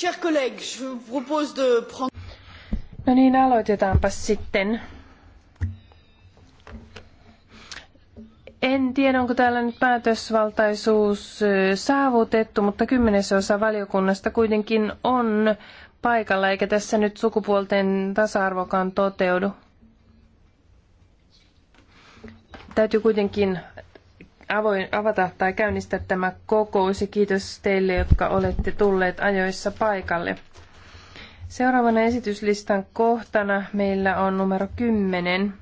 Chers collègues, je vous propose de prendre... No niin, aloitetaanpas sitten. En tiedä, onko täällä nyt päätösvaltaisuus saavutettu, mutta kymmenesosa valiokunnasta kuitenkin on paikalla, eikä tässä nyt sukupuolten tasa-arvokaan toteudu. Täytyy kuitenkin avoin, avata tai käynnistää tämä kokous ja kiitos teille, jotka olette tulleet ajoissa paikalle. Seuraavana esityslistan kohtana meillä on numero 10.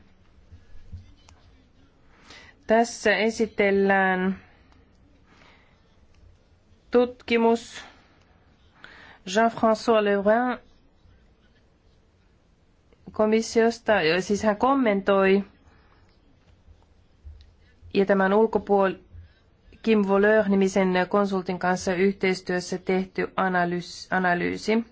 Tässä esitellään tutkimus Jean-François Lebrun komissiosta, siis hän kommentoi ja tämän ulkopuol Kim Voleur-nimisen konsultin kanssa yhteistyössä tehty analyysi.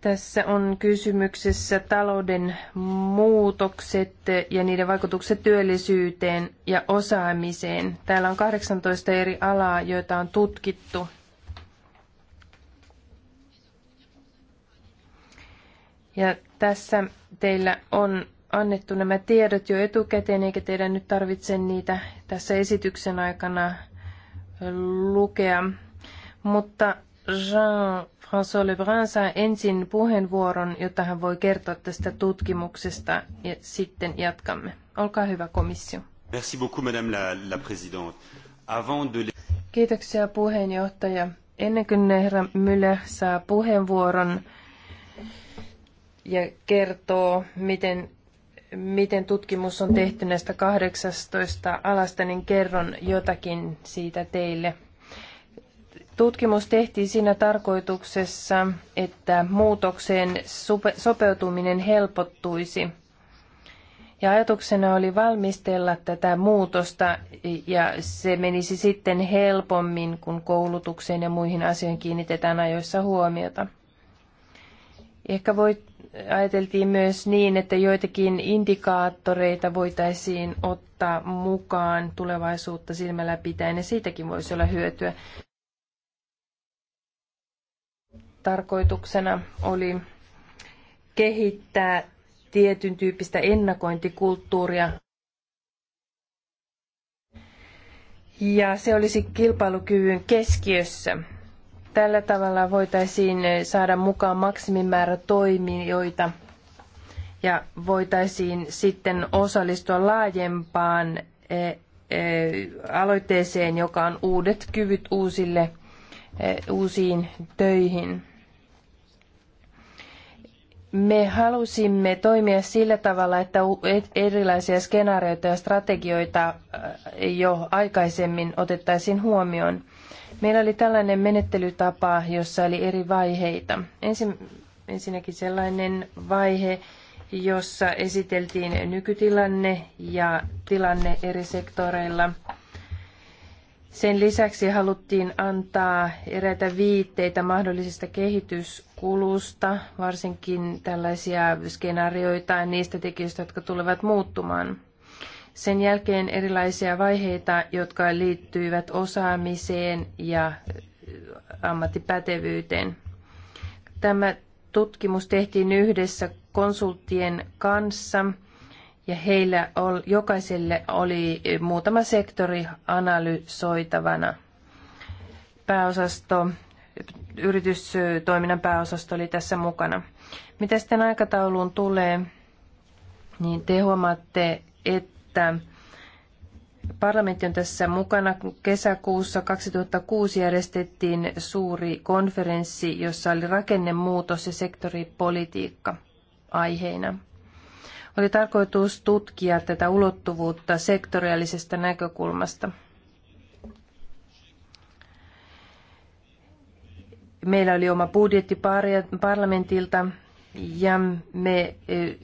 Tässä on kysymyksessä talouden muutokset ja niiden vaikutukset työllisyyteen ja osaamiseen. Täällä on 18 eri alaa, joita on tutkittu. Ja tässä teillä on annettu nämä tiedot jo etukäteen, eikä teidän nyt tarvitse niitä tässä esityksen aikana lukea. Mutta Jean-François Lebrun saa ensin puheenvuoron, jotta hän voi kertoa tästä tutkimuksesta ja sitten jatkamme. Olkaa hyvä komissio. Merci beaucoup, madame la, la présidente. Avant de... Kiitoksia puheenjohtaja. Ennen kuin herra Müller saa puheenvuoron ja kertoo, miten miten tutkimus on tehty näistä 18 alasta, niin kerron jotakin siitä teille. Tutkimus tehtiin siinä tarkoituksessa, että muutokseen sopeutuminen helpottuisi. Ja ajatuksena oli valmistella tätä muutosta ja se menisi sitten helpommin, kun koulutukseen ja muihin asioihin kiinnitetään ajoissa huomiota. Ehkä voit ajateltiin myös niin, että joitakin indikaattoreita voitaisiin ottaa mukaan tulevaisuutta silmällä pitäen, ja siitäkin voisi olla hyötyä. Tarkoituksena oli kehittää tietyn tyyppistä ennakointikulttuuria. Ja se olisi kilpailukyvyn keskiössä. Tällä tavalla voitaisiin saada mukaan maksimimäärä toimijoita ja voitaisiin sitten osallistua laajempaan eh, eh, aloitteeseen, joka on uudet kyvyt uusille, eh, uusiin töihin. Me halusimme toimia sillä tavalla, että erilaisia skenaarioita ja strategioita jo aikaisemmin otettaisiin huomioon. Meillä oli tällainen menettelytapa, jossa oli eri vaiheita. Ensin, ensinnäkin sellainen vaihe, jossa esiteltiin nykytilanne ja tilanne eri sektoreilla. Sen lisäksi haluttiin antaa eräitä viitteitä mahdollisista kehityskulusta, varsinkin tällaisia skenaarioita niistä tekijöistä, jotka tulevat muuttumaan. Sen jälkeen erilaisia vaiheita, jotka liittyivät osaamiseen ja äh, ammattipätevyyteen. Tämä tutkimus tehtiin yhdessä konsulttien kanssa ja heillä ol, jokaiselle oli muutama sektori analysoitavana. Pääosasto, yritystoiminnan pääosasto oli tässä mukana. Mitä sitten aikatauluun tulee, niin te huomaatte, että että parlamentti on tässä mukana. Kesäkuussa 2006 järjestettiin suuri konferenssi, jossa oli rakennemuutos ja sektoripolitiikka aiheina. Oli tarkoitus tutkia tätä ulottuvuutta sektoriallisesta näkökulmasta. Meillä oli oma budjetti parlamentilta ja me eh,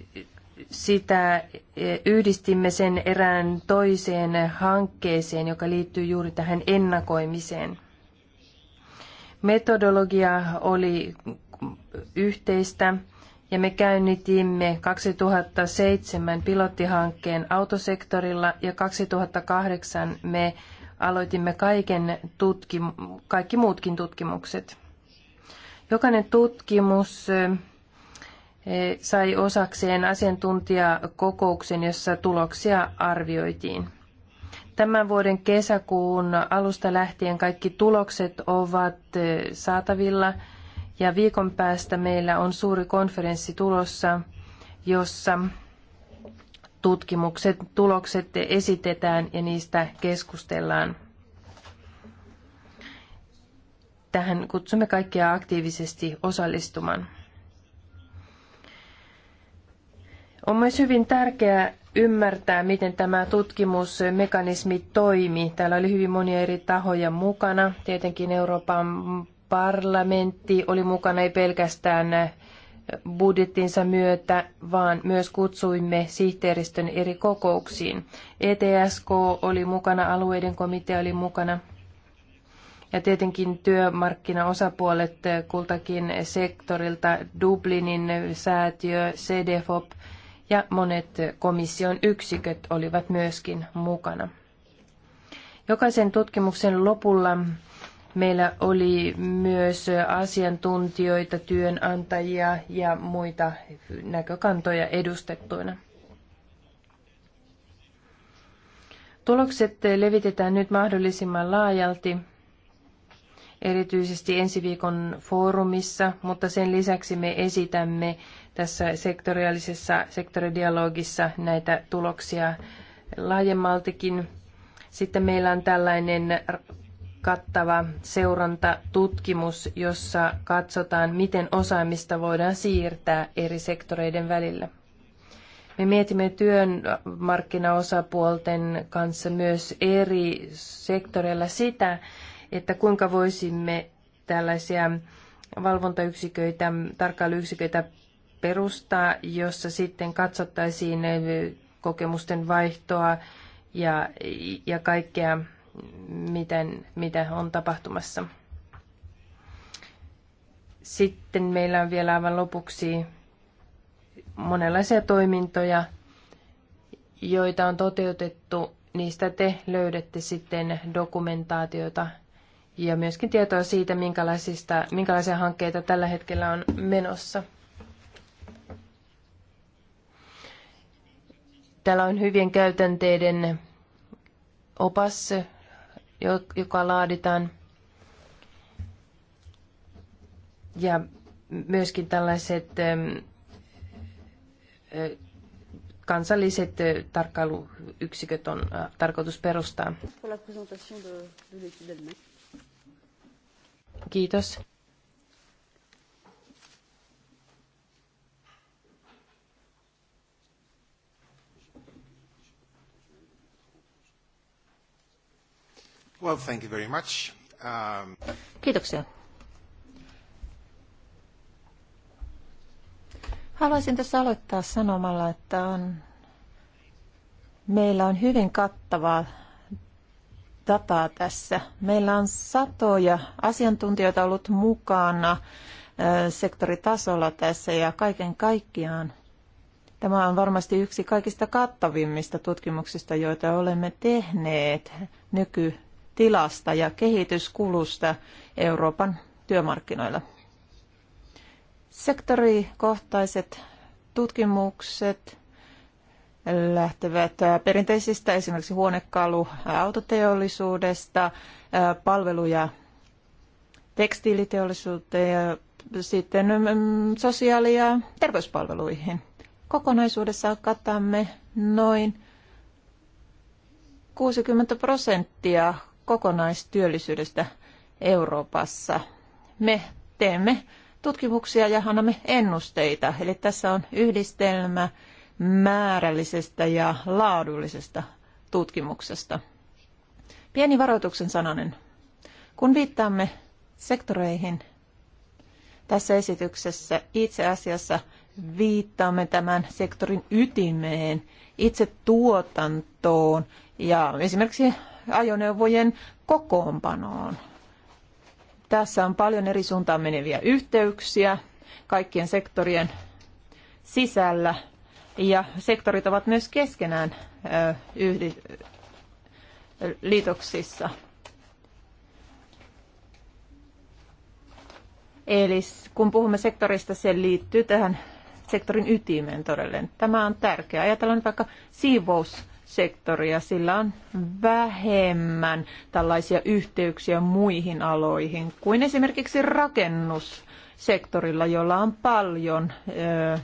sitä e, yhdistimme sen erään toiseen hankkeeseen, joka liittyy juuri tähän ennakoimiseen. Metodologia oli yhteistä ja me käynnitimme 2007 pilottihankkeen autosektorilla ja 2008 me aloitimme kaiken tutkim- kaikki muutkin tutkimukset. Jokainen tutkimus sai osakseen asiantuntijakokouksen, jossa tuloksia arvioitiin. Tämän vuoden kesäkuun alusta lähtien kaikki tulokset ovat eh, saatavilla ja viikon päästä meillä on suuri konferenssi tulossa, jossa tutkimukset, tulokset esitetään ja niistä keskustellaan. Tähän kutsumme kaikkia aktiivisesti osallistumaan. On myös hyvin tärkeää ymmärtää, miten tämä tutkimusmekanismi toimi. Täällä oli hyvin monia eri tahoja mukana. Tietenkin Euroopan parlamentti oli mukana ei pelkästään budjettinsa myötä, vaan myös kutsuimme sihteeristön eri kokouksiin. ETSK oli mukana, alueiden komitea oli mukana. Ja tietenkin työmarkkinaosapuolet kultakin sektorilta, Dublinin säätiö, CDFOP – ja monet komission yksiköt olivat myöskin mukana. Jokaisen tutkimuksen lopulla meillä oli myös asiantuntijoita, työnantajia ja muita näkökantoja edustettuina. Tulokset levitetään nyt mahdollisimman laajalti, erityisesti ensi viikon foorumissa, mutta sen lisäksi me esitämme tässä sektoriallisessa sektoridialogissa näitä tuloksia laajemmaltikin. Sitten meillä on tällainen kattava seurantatutkimus, jossa katsotaan, miten osaamista voidaan siirtää eri sektoreiden välillä. Me mietimme työmarkkinaosapuolten kanssa myös eri sektoreilla sitä, että kuinka voisimme tällaisia valvontayksiköitä, tarkkailuyksiköitä perustaa, jossa sitten katsottaisiin eh, kokemusten vaihtoa ja, ja kaikkea, miten, mitä on tapahtumassa. Sitten meillä on vielä aivan lopuksi monenlaisia toimintoja, joita on toteutettu. Niistä te löydätte sitten dokumentaatiota ja myöskin tietoa siitä, minkälaisista, minkälaisia hankkeita tällä hetkellä on menossa. Täällä on hyvien käytänteiden opas, joka laaditaan. Ja myöskin tällaiset ähm, äh, kansalliset äh, tarkkailuyksiköt on äh, tarkoitus perustaa. Kiitos. Well, thank you very much. Um... Kiitoksia. Haluaisin tässä aloittaa sanomalla, että on, meillä on hyvin kattavaa dataa tässä. Meillä on satoja asiantuntijoita ollut mukana sektoritasolla tässä ja kaiken kaikkiaan. Tämä on varmasti yksi kaikista kattavimmista tutkimuksista, joita olemme tehneet nyky tilasta ja kehityskulusta Euroopan työmarkkinoilla. Sektorikohtaiset tutkimukset lähtevät perinteisistä esimerkiksi huonekalu- ja autoteollisuudesta, palveluja tekstiiliteollisuuteen ja sitten mm, sosiaali- ja terveyspalveluihin. Kokonaisuudessaan katamme noin 60 prosenttia kokonaistyöllisyydestä Euroopassa. Me teemme tutkimuksia ja annamme ennusteita. Eli tässä on yhdistelmä määrällisestä ja laadullisesta tutkimuksesta. Pieni varoituksen sananen. Kun viittaamme sektoreihin tässä esityksessä, itse asiassa viittaamme tämän sektorin ytimeen, itse tuotantoon ja esimerkiksi ajoneuvojen kokoonpanoon. Tässä on paljon eri suuntaan meneviä yhteyksiä kaikkien sektorien sisällä ja sektorit ovat myös keskenään yhdi- liitoksissa. Eli kun puhumme sektorista, se liittyy tähän sektorin ytimeen todellen. Tämä on tärkeää. Ajatellaan nyt vaikka siivous sektoria. Sillä on vähemmän tällaisia yhteyksiä muihin aloihin kuin esimerkiksi rakennussektorilla, jolla on paljon ö,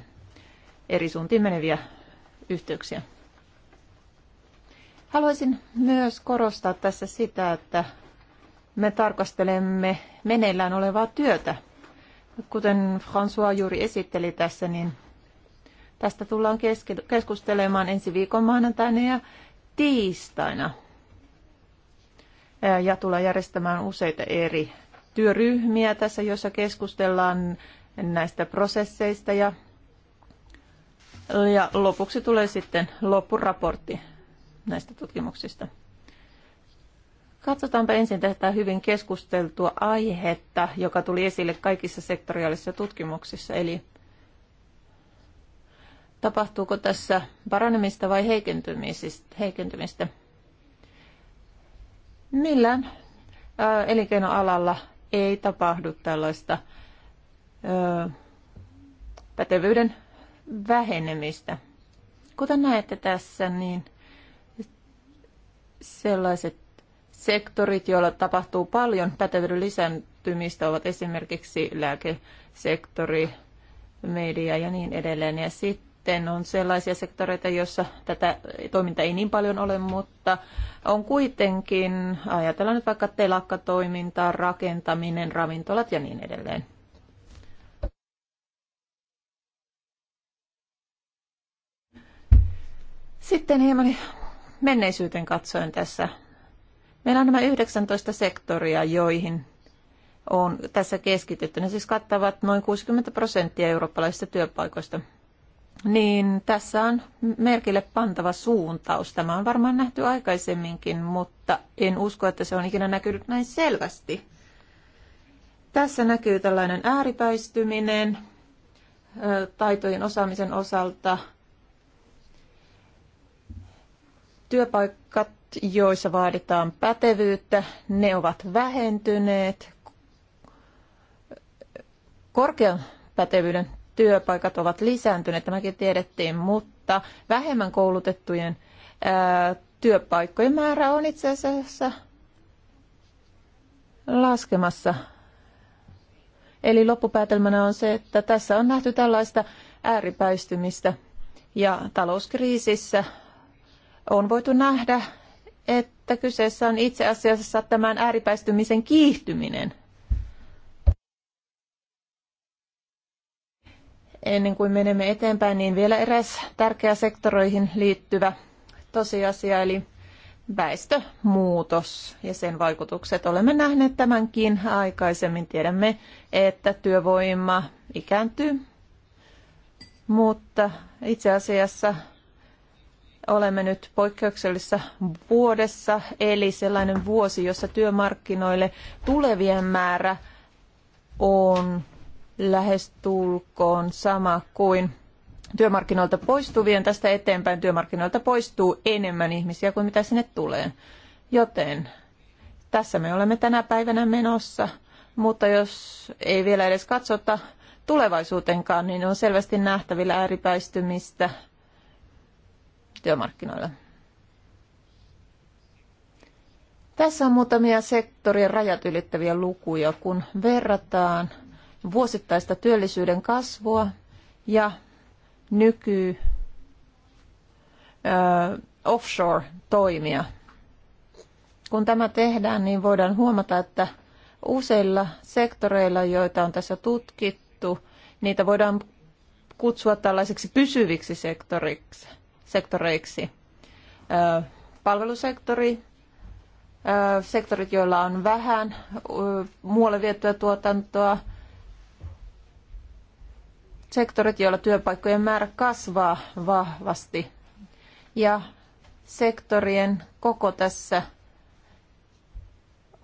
eri suuntiin meneviä yhteyksiä. Haluaisin myös korostaa tässä sitä, että me tarkastelemme meneillään olevaa työtä. Kuten François juuri esitteli tässä, niin Tästä tullaan keskustelemaan ensi viikon maanantaina ja tiistaina. Ja tullaan järjestämään useita eri työryhmiä tässä, jossa keskustellaan näistä prosesseista ja, ja lopuksi tulee sitten loppuraportti näistä tutkimuksista. Katsotaanpa ensin tätä hyvin keskusteltua aihetta, joka tuli esille kaikissa sektoriaalisissa tutkimuksissa, eli Tapahtuuko tässä paranemista vai heikentymistä? Millään elinkeinoalalla ei tapahdu tällaista pätevyyden vähenemistä. Kuten näette tässä, niin sellaiset sektorit, joilla tapahtuu paljon pätevyyden lisääntymistä, ovat esimerkiksi lääkesektori, media ja niin edelleen. Ja sitten sitten on sellaisia sektoreita, joissa tätä toimintaa ei niin paljon ole, mutta on kuitenkin, ajatellaan nyt vaikka telakkatoimintaa, rakentaminen, ravintolat ja niin edelleen. Sitten hieman menneisyyteen katsoen tässä. Meillä on nämä 19 sektoria, joihin on tässä keskitytty. Ne siis kattavat noin 60 prosenttia eurooppalaisista työpaikoista. Niin, tässä on merkille pantava suuntaus. Tämä on varmaan nähty aikaisemminkin, mutta en usko, että se on ikinä näkynyt näin selvästi. Tässä näkyy tällainen ääripäistyminen taitojen osaamisen osalta. Työpaikat, joissa vaaditaan pätevyyttä, ne ovat vähentyneet. Korkean pätevyyden työpaikat ovat lisääntyneet, tämäkin tiedettiin, mutta vähemmän koulutettujen ää, työpaikkojen määrä on itse asiassa laskemassa. Eli loppupäätelmänä on se, että tässä on nähty tällaista ääripäistymistä ja talouskriisissä on voitu nähdä, että kyseessä on itse asiassa tämän ääripäistymisen kiihtyminen – Ennen kuin menemme eteenpäin, niin vielä eräs tärkeä sektoroihin liittyvä tosiasia, eli väestömuutos ja sen vaikutukset. Olemme nähneet tämänkin aikaisemmin. Tiedämme, että työvoima ikääntyy, mutta itse asiassa olemme nyt poikkeuksellisessa vuodessa, eli sellainen vuosi, jossa työmarkkinoille tulevien määrä on lähestulkoon sama kuin työmarkkinoilta poistuvien. Tästä eteenpäin työmarkkinoilta poistuu enemmän ihmisiä kuin mitä sinne tulee. Joten tässä me olemme tänä päivänä menossa, mutta jos ei vielä edes katsota tulevaisuutenkaan, niin on selvästi nähtävillä ääripäistymistä työmarkkinoilla. Tässä on muutamia sektorien rajat ylittäviä lukuja, kun verrataan – vuosittaista työllisyyden kasvua ja nyky offshore-toimia. Kun tämä tehdään, niin voidaan huomata, että useilla sektoreilla, joita on tässä tutkittu, niitä voidaan kutsua tällaisiksi pysyviksi sektoriksi, sektoreiksi. Palvelusektori, sektorit, joilla on vähän muualle viettyä tuotantoa, sektorit, joilla työpaikkojen määrä kasvaa vahvasti. Ja sektorien koko tässä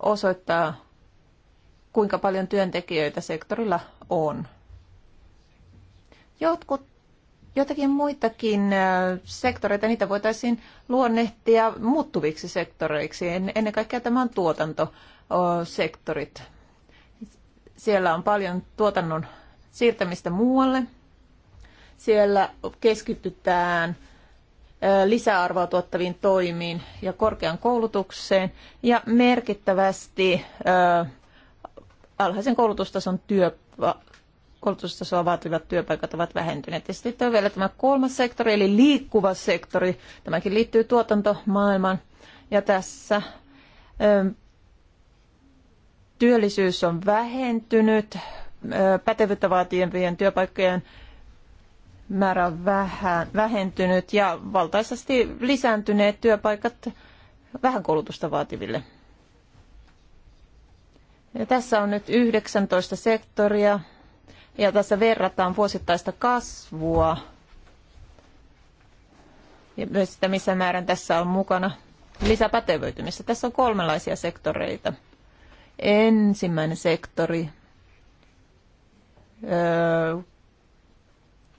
osoittaa, kuinka paljon työntekijöitä sektorilla on. Jotkut jotakin muitakin äh, sektoreita, niitä voitaisiin luonnehtia muuttuviksi sektoreiksi. Ennen kaikkea tämä on tuotantosektorit. Siellä on paljon tuotannon siirtämistä muualle. Siellä keskitytään lisäarvoa tuottaviin toimiin ja korkean koulutukseen ja merkittävästi alhaisen koulutustason työ, koulutustasoa vaativat työpaikat ovat vähentyneet. Ja sitten on vielä tämä kolmas sektori, eli liikkuva sektori. Tämäkin liittyy tuotantomaailmaan. Ja tässä ö, työllisyys on vähentynyt, pätevyyttä vaativien työpaikkojen määrä on vähän, vähentynyt ja valtaisesti lisääntyneet työpaikat vähän koulutusta vaativille. Ja tässä on nyt 19 sektoria ja tässä verrataan vuosittaista kasvua ja myös sitä, missä määrän tässä on mukana lisäpätevöitymistä. Tässä on kolmenlaisia sektoreita. Ensimmäinen sektori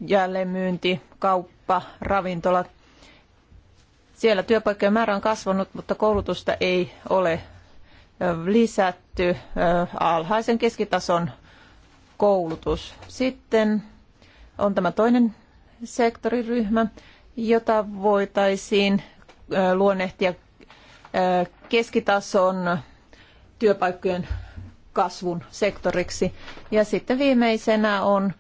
jälleenmyynti, kauppa, ravintolat. Siellä työpaikkojen määrä on kasvanut, mutta koulutusta ei ole lisätty. Alhaisen keskitason koulutus. Sitten on tämä toinen sektoriryhmä, jota voitaisiin luonnehtia keskitason työpaikkojen kasvun sektoriksi. Ja sitten viimeisenä on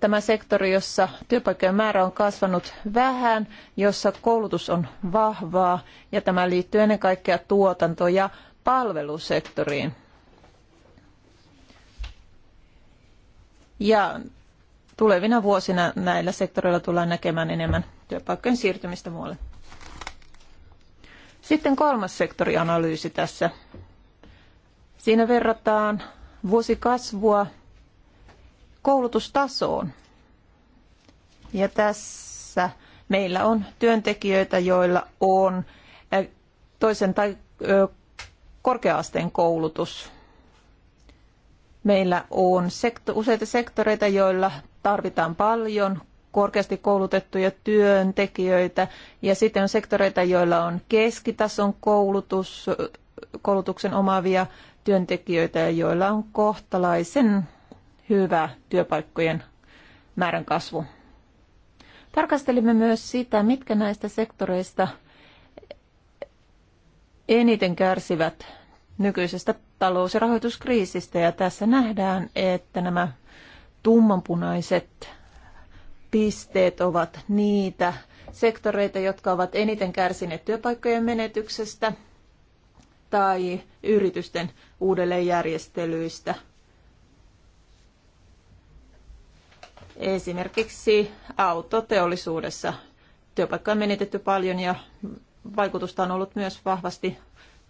tämä sektori, jossa työpaikkojen määrä on kasvanut vähän, jossa koulutus on vahvaa ja tämä liittyy ennen kaikkea tuotanto- ja palvelusektoriin. Ja tulevina vuosina näillä sektoreilla tullaan näkemään enemmän työpaikkojen siirtymistä muualle. Sitten kolmas sektorianalyysi tässä Siinä verrataan vuosikasvua koulutustasoon. Ja tässä meillä on työntekijöitä, joilla on toisen tai korkeaasteen koulutus. Meillä on sekto, useita sektoreita, joilla tarvitaan paljon korkeasti koulutettuja työntekijöitä ja sitten on sektoreita, joilla on keskitason koulutus, koulutuksen omaavia työntekijöitä, joilla on kohtalaisen hyvä työpaikkojen määrän kasvu. Tarkastelimme myös sitä, mitkä näistä sektoreista eniten kärsivät nykyisestä talous- ja rahoituskriisistä. Ja tässä nähdään, että nämä tummanpunaiset pisteet ovat niitä sektoreita, jotka ovat eniten kärsineet työpaikkojen menetyksestä – tai yritysten uudelleenjärjestelyistä. Esimerkiksi autoteollisuudessa työpaikka on menetetty paljon ja vaikutusta on ollut myös vahvasti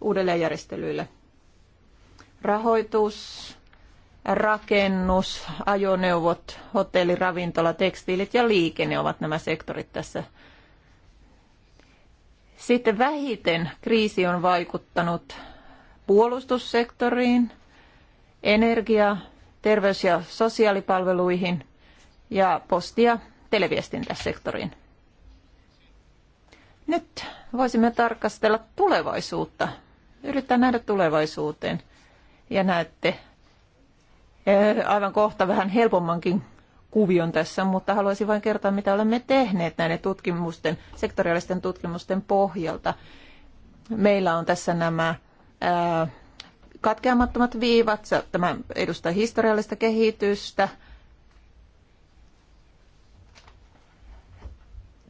uudelleenjärjestelyille. Rahoitus, rakennus, ajoneuvot, hotelli, ravintola, tekstiilit ja liikenne ovat nämä sektorit tässä sitten vähiten kriisi on vaikuttanut puolustussektoriin, energia, terveys- ja sosiaalipalveluihin ja posti- ja televiestintäsektoriin. Nyt voisimme tarkastella tulevaisuutta, yrittää nähdä tulevaisuuteen. Ja näette eh, aivan kohta vähän helpommankin kuvion tässä, mutta haluaisin vain kertoa, mitä olemme tehneet näiden tutkimusten, sektoriaalisten tutkimusten pohjalta. Meillä on tässä nämä ää, katkeamattomat viivat, tämä edustaa historiallista kehitystä,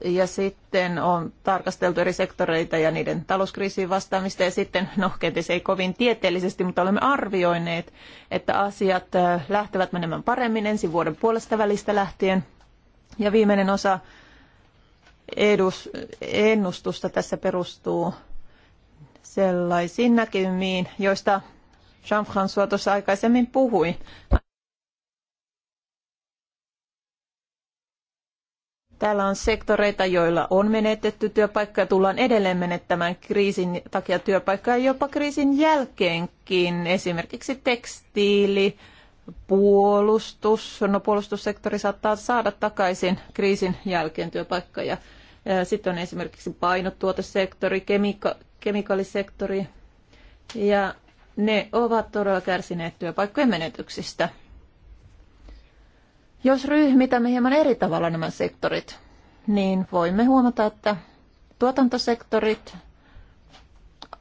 ja sitten on tarkasteltu eri sektoreita ja niiden talouskriisiin vastaamista ja sitten, no kenties ei kovin tieteellisesti, mutta olemme arvioineet, että asiat lähtevät menemään paremmin ensi vuoden puolesta välistä lähtien. Ja viimeinen osa edus, ennustusta tässä perustuu sellaisiin näkymiin, joista Jean-François tuossa aikaisemmin puhui. Täällä on sektoreita, joilla on menetetty työpaikkoja, ja tullaan edelleen menettämään kriisin takia työpaikkaa jopa kriisin jälkeenkin. Esimerkiksi tekstiili, puolustus, no puolustussektori saattaa saada takaisin kriisin jälkeen työpaikkoja. Sitten on esimerkiksi painotuotesektori, kemika- kemikaalisektori ja ne ovat todella kärsineet työpaikkojen menetyksistä. Jos ryhmitämme hieman eri tavalla nämä sektorit, niin voimme huomata, että tuotantosektorit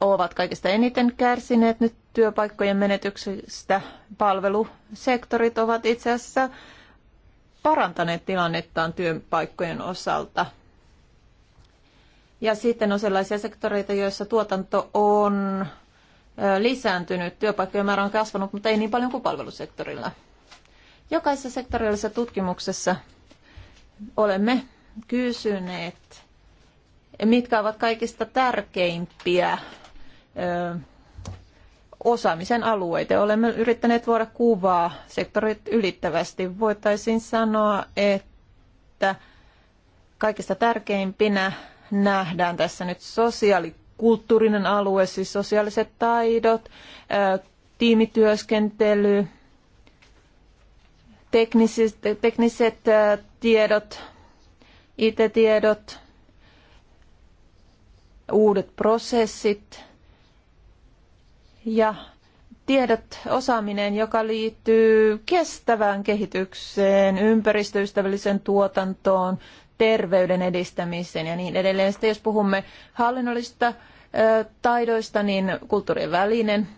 ovat kaikista eniten kärsineet nyt työpaikkojen menetyksestä. Palvelusektorit ovat itse asiassa parantaneet tilannettaan työpaikkojen osalta. Ja sitten on sellaisia sektoreita, joissa tuotanto on lisääntynyt, työpaikkojen määrä on kasvanut, mutta ei niin paljon kuin palvelusektorilla. Jokaisessa sektoriallisessa tutkimuksessa olemme kysyneet, mitkä ovat kaikista tärkeimpiä ö, osaamisen alueita. Olemme yrittäneet luoda kuvaa sektorit ylittävästi. Voitaisiin sanoa, että kaikista tärkeimpinä nähdään tässä nyt sosiaalikulttuurinen alue, siis sosiaaliset taidot, tiimityöskentely, tekniset, tekniset tiedot, IT-tiedot, uudet prosessit ja tiedot, osaaminen, joka liittyy kestävään kehitykseen, ympäristöystävälliseen tuotantoon, terveyden edistämiseen ja niin edelleen. Sitten jos puhumme hallinnollisista taidoista, niin kulttuurien välinen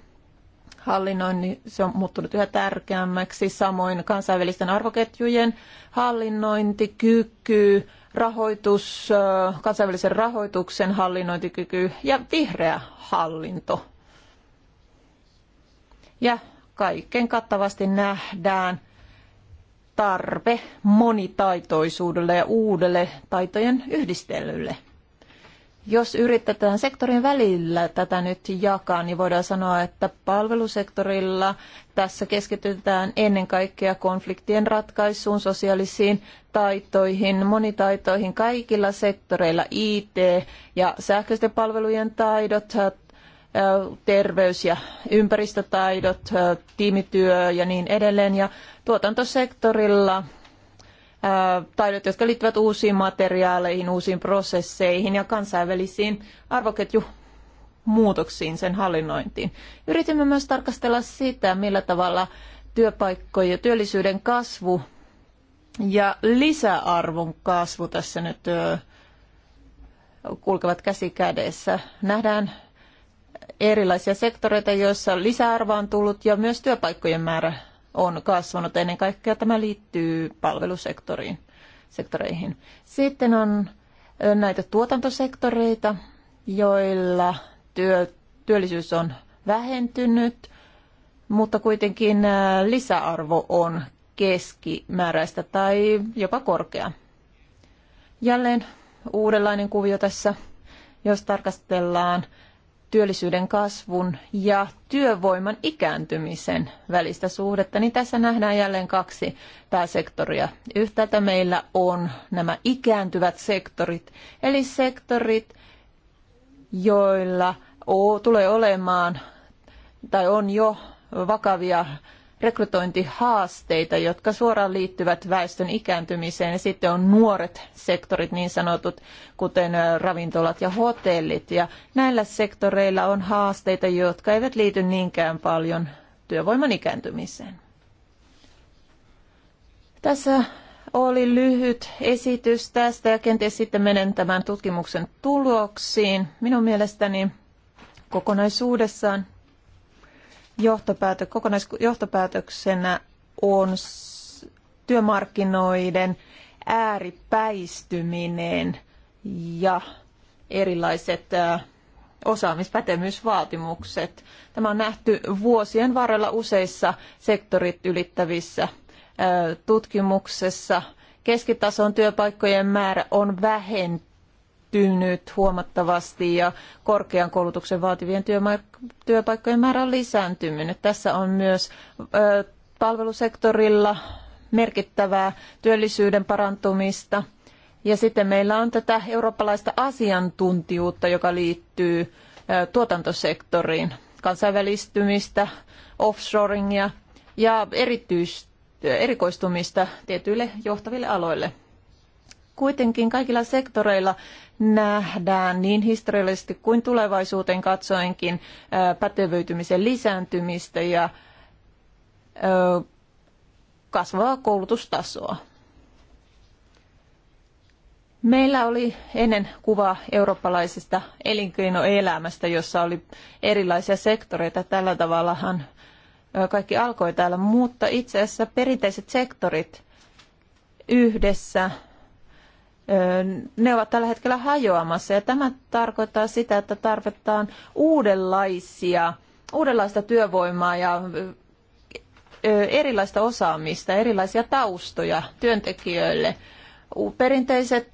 hallinnointi niin se on muuttunut yhä tärkeämmäksi, samoin kansainvälisten arvoketjujen hallinnointikyky, rahoitus, kansainvälisen rahoituksen hallinnointikyky ja vihreä hallinto. Ja kaiken kattavasti nähdään tarve monitaitoisuudelle ja uudelle taitojen yhdistelylle. Jos yritetään sektorin välillä tätä nyt jakaa, niin voidaan sanoa, että palvelusektorilla tässä keskitytään ennen kaikkea konfliktien ratkaisuun, sosiaalisiin taitoihin, monitaitoihin kaikilla sektoreilla, IT ja sähköisten palvelujen taidot, äh, terveys- ja ympäristötaidot, äh, tiimityö ja niin edelleen. Ja tuotantosektorilla taidot, jotka liittyvät uusiin materiaaleihin, uusiin prosesseihin ja kansainvälisiin arvoketju muutoksiin, sen hallinnointiin. Yritimme myös tarkastella sitä, millä tavalla työpaikkojen ja työllisyyden kasvu ja lisäarvon kasvu tässä nyt kulkevat käsi kädessä. Nähdään erilaisia sektoreita, joissa lisäarvoa on tullut ja myös työpaikkojen määrä on kasvanut. Ennen kaikkea tämä liittyy palvelusektoriin. Sektoreihin. Sitten on näitä tuotantosektoreita, joilla työ, työllisyys on vähentynyt, mutta kuitenkin lisäarvo on keskimääräistä tai jopa korkea. Jälleen uudenlainen kuvio tässä, jos tarkastellaan työllisyyden kasvun ja työvoiman ikääntymisen välistä suhdetta, niin tässä nähdään jälleen kaksi pääsektoria. Yhtäältä meillä on nämä ikääntyvät sektorit, eli sektorit, joilla tulee olemaan tai on jo vakavia rekrytointihaasteita, jotka suoraan liittyvät väestön ikääntymiseen. Ja sitten on nuoret sektorit, niin sanotut, kuten ravintolat ja hotellit. Ja näillä sektoreilla on haasteita, jotka eivät liity niinkään paljon työvoiman ikääntymiseen. Tässä oli lyhyt esitys tästä ja kenties sitten menen tämän tutkimuksen tuloksiin. Minun mielestäni kokonaisuudessaan johtopäätö, kokonaisjohtopäätöksenä on työmarkkinoiden ääripäistyminen ja erilaiset osaamispätevyysvaatimukset. Tämä on nähty vuosien varrella useissa sektorit ylittävissä tutkimuksessa. Keskitason työpaikkojen määrä on vähentynyt kehittynyt huomattavasti ja korkean koulutuksen vaativien työpaikkojen määrä on lisääntynyt. Tässä on myös palvelusektorilla merkittävää työllisyyden parantumista. Ja sitten meillä on tätä eurooppalaista asiantuntijuutta, joka liittyy tuotantosektoriin, kansainvälistymistä, offshoringia ja erityis, erikoistumista tietyille johtaville aloille kuitenkin kaikilla sektoreilla nähdään niin historiallisesti kuin tulevaisuuteen katsoenkin pätevöitymisen lisääntymistä ja kasvavaa koulutustasoa. Meillä oli ennen kuva eurooppalaisesta elinkeinoelämästä, jossa oli erilaisia sektoreita. Tällä tavallahan kaikki alkoi täällä, mutta itse asiassa perinteiset sektorit yhdessä ne ovat tällä hetkellä hajoamassa ja tämä tarkoittaa sitä, että tarvitaan uudenlaisia, uudenlaista työvoimaa ja erilaista osaamista, erilaisia taustoja työntekijöille. Perinteiset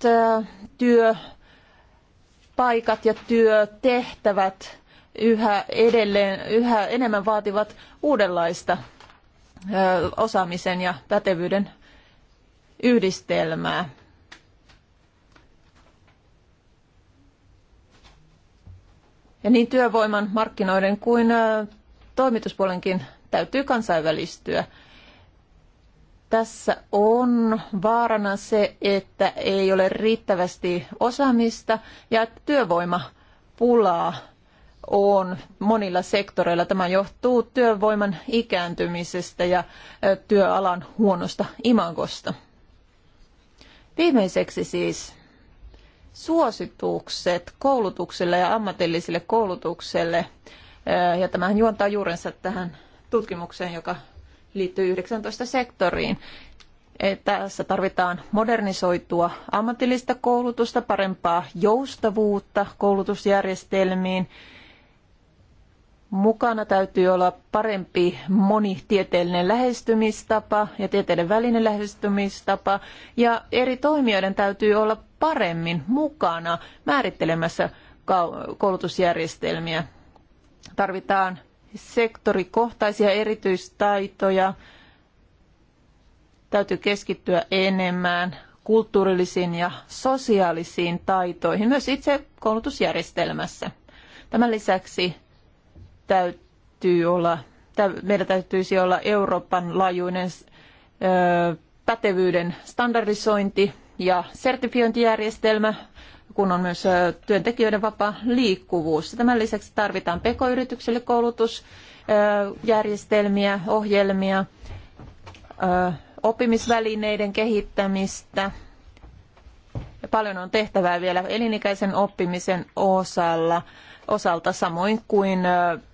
työpaikat ja työtehtävät yhä edelleen, yhä enemmän vaativat uudenlaista osaamisen ja pätevyyden yhdistelmää. Ja niin työvoiman markkinoiden kuin toimituspuolenkin täytyy kansainvälistyä. Tässä on vaarana se, että ei ole riittävästi osaamista ja että työvoimapulaa on monilla sektoreilla. Tämä johtuu työvoiman ikääntymisestä ja työalan huonosta imagosta. Viimeiseksi siis suositukset koulutukselle ja ammatilliselle koulutukselle. Ja tämähän juontaa juurensa tähän tutkimukseen, joka liittyy 19 sektoriin. E, tässä tarvitaan modernisoitua ammatillista koulutusta, parempaa joustavuutta koulutusjärjestelmiin mukana täytyy olla parempi monitieteellinen lähestymistapa ja tieteiden välinen lähestymistapa. Ja eri toimijoiden täytyy olla paremmin mukana määrittelemässä koulutusjärjestelmiä. Tarvitaan sektorikohtaisia erityistaitoja. Täytyy keskittyä enemmän kulttuurillisiin ja sosiaalisiin taitoihin myös itse koulutusjärjestelmässä. Tämän lisäksi täytyy olla, meillä täytyisi olla Euroopan laajuinen pätevyyden standardisointi ja sertifiointijärjestelmä, kun on myös työntekijöiden vapaa liikkuvuus. Tämän lisäksi tarvitaan pk-yrityksille koulutusjärjestelmiä, ohjelmia, oppimisvälineiden kehittämistä. Paljon on tehtävää vielä elinikäisen oppimisen osalla osalta samoin kuin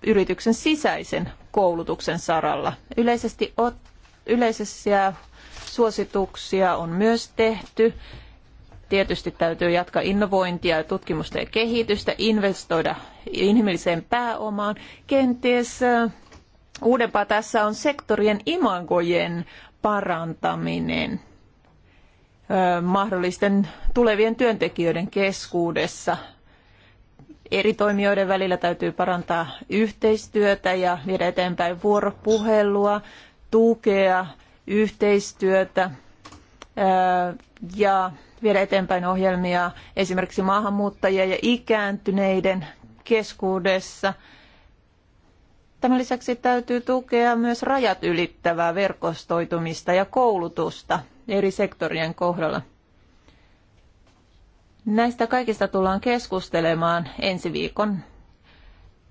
yrityksen sisäisen koulutuksen saralla. Yleisesti ot, yleisiä suosituksia on myös tehty. Tietysti täytyy jatkaa innovointia, tutkimusta ja kehitystä, investoida inhimilliseen pääomaan. Kenties uudempaa tässä on sektorien imagojen parantaminen mahdollisten tulevien työntekijöiden keskuudessa eri toimijoiden välillä täytyy parantaa yhteistyötä ja viedä eteenpäin vuoropuhelua, tukea yhteistyötä ja viedä eteenpäin ohjelmia esimerkiksi maahanmuuttajien ja ikääntyneiden keskuudessa. Tämän lisäksi täytyy tukea myös rajat ylittävää verkostoitumista ja koulutusta eri sektorien kohdalla. Näistä kaikista tullaan keskustelemaan ensi viikon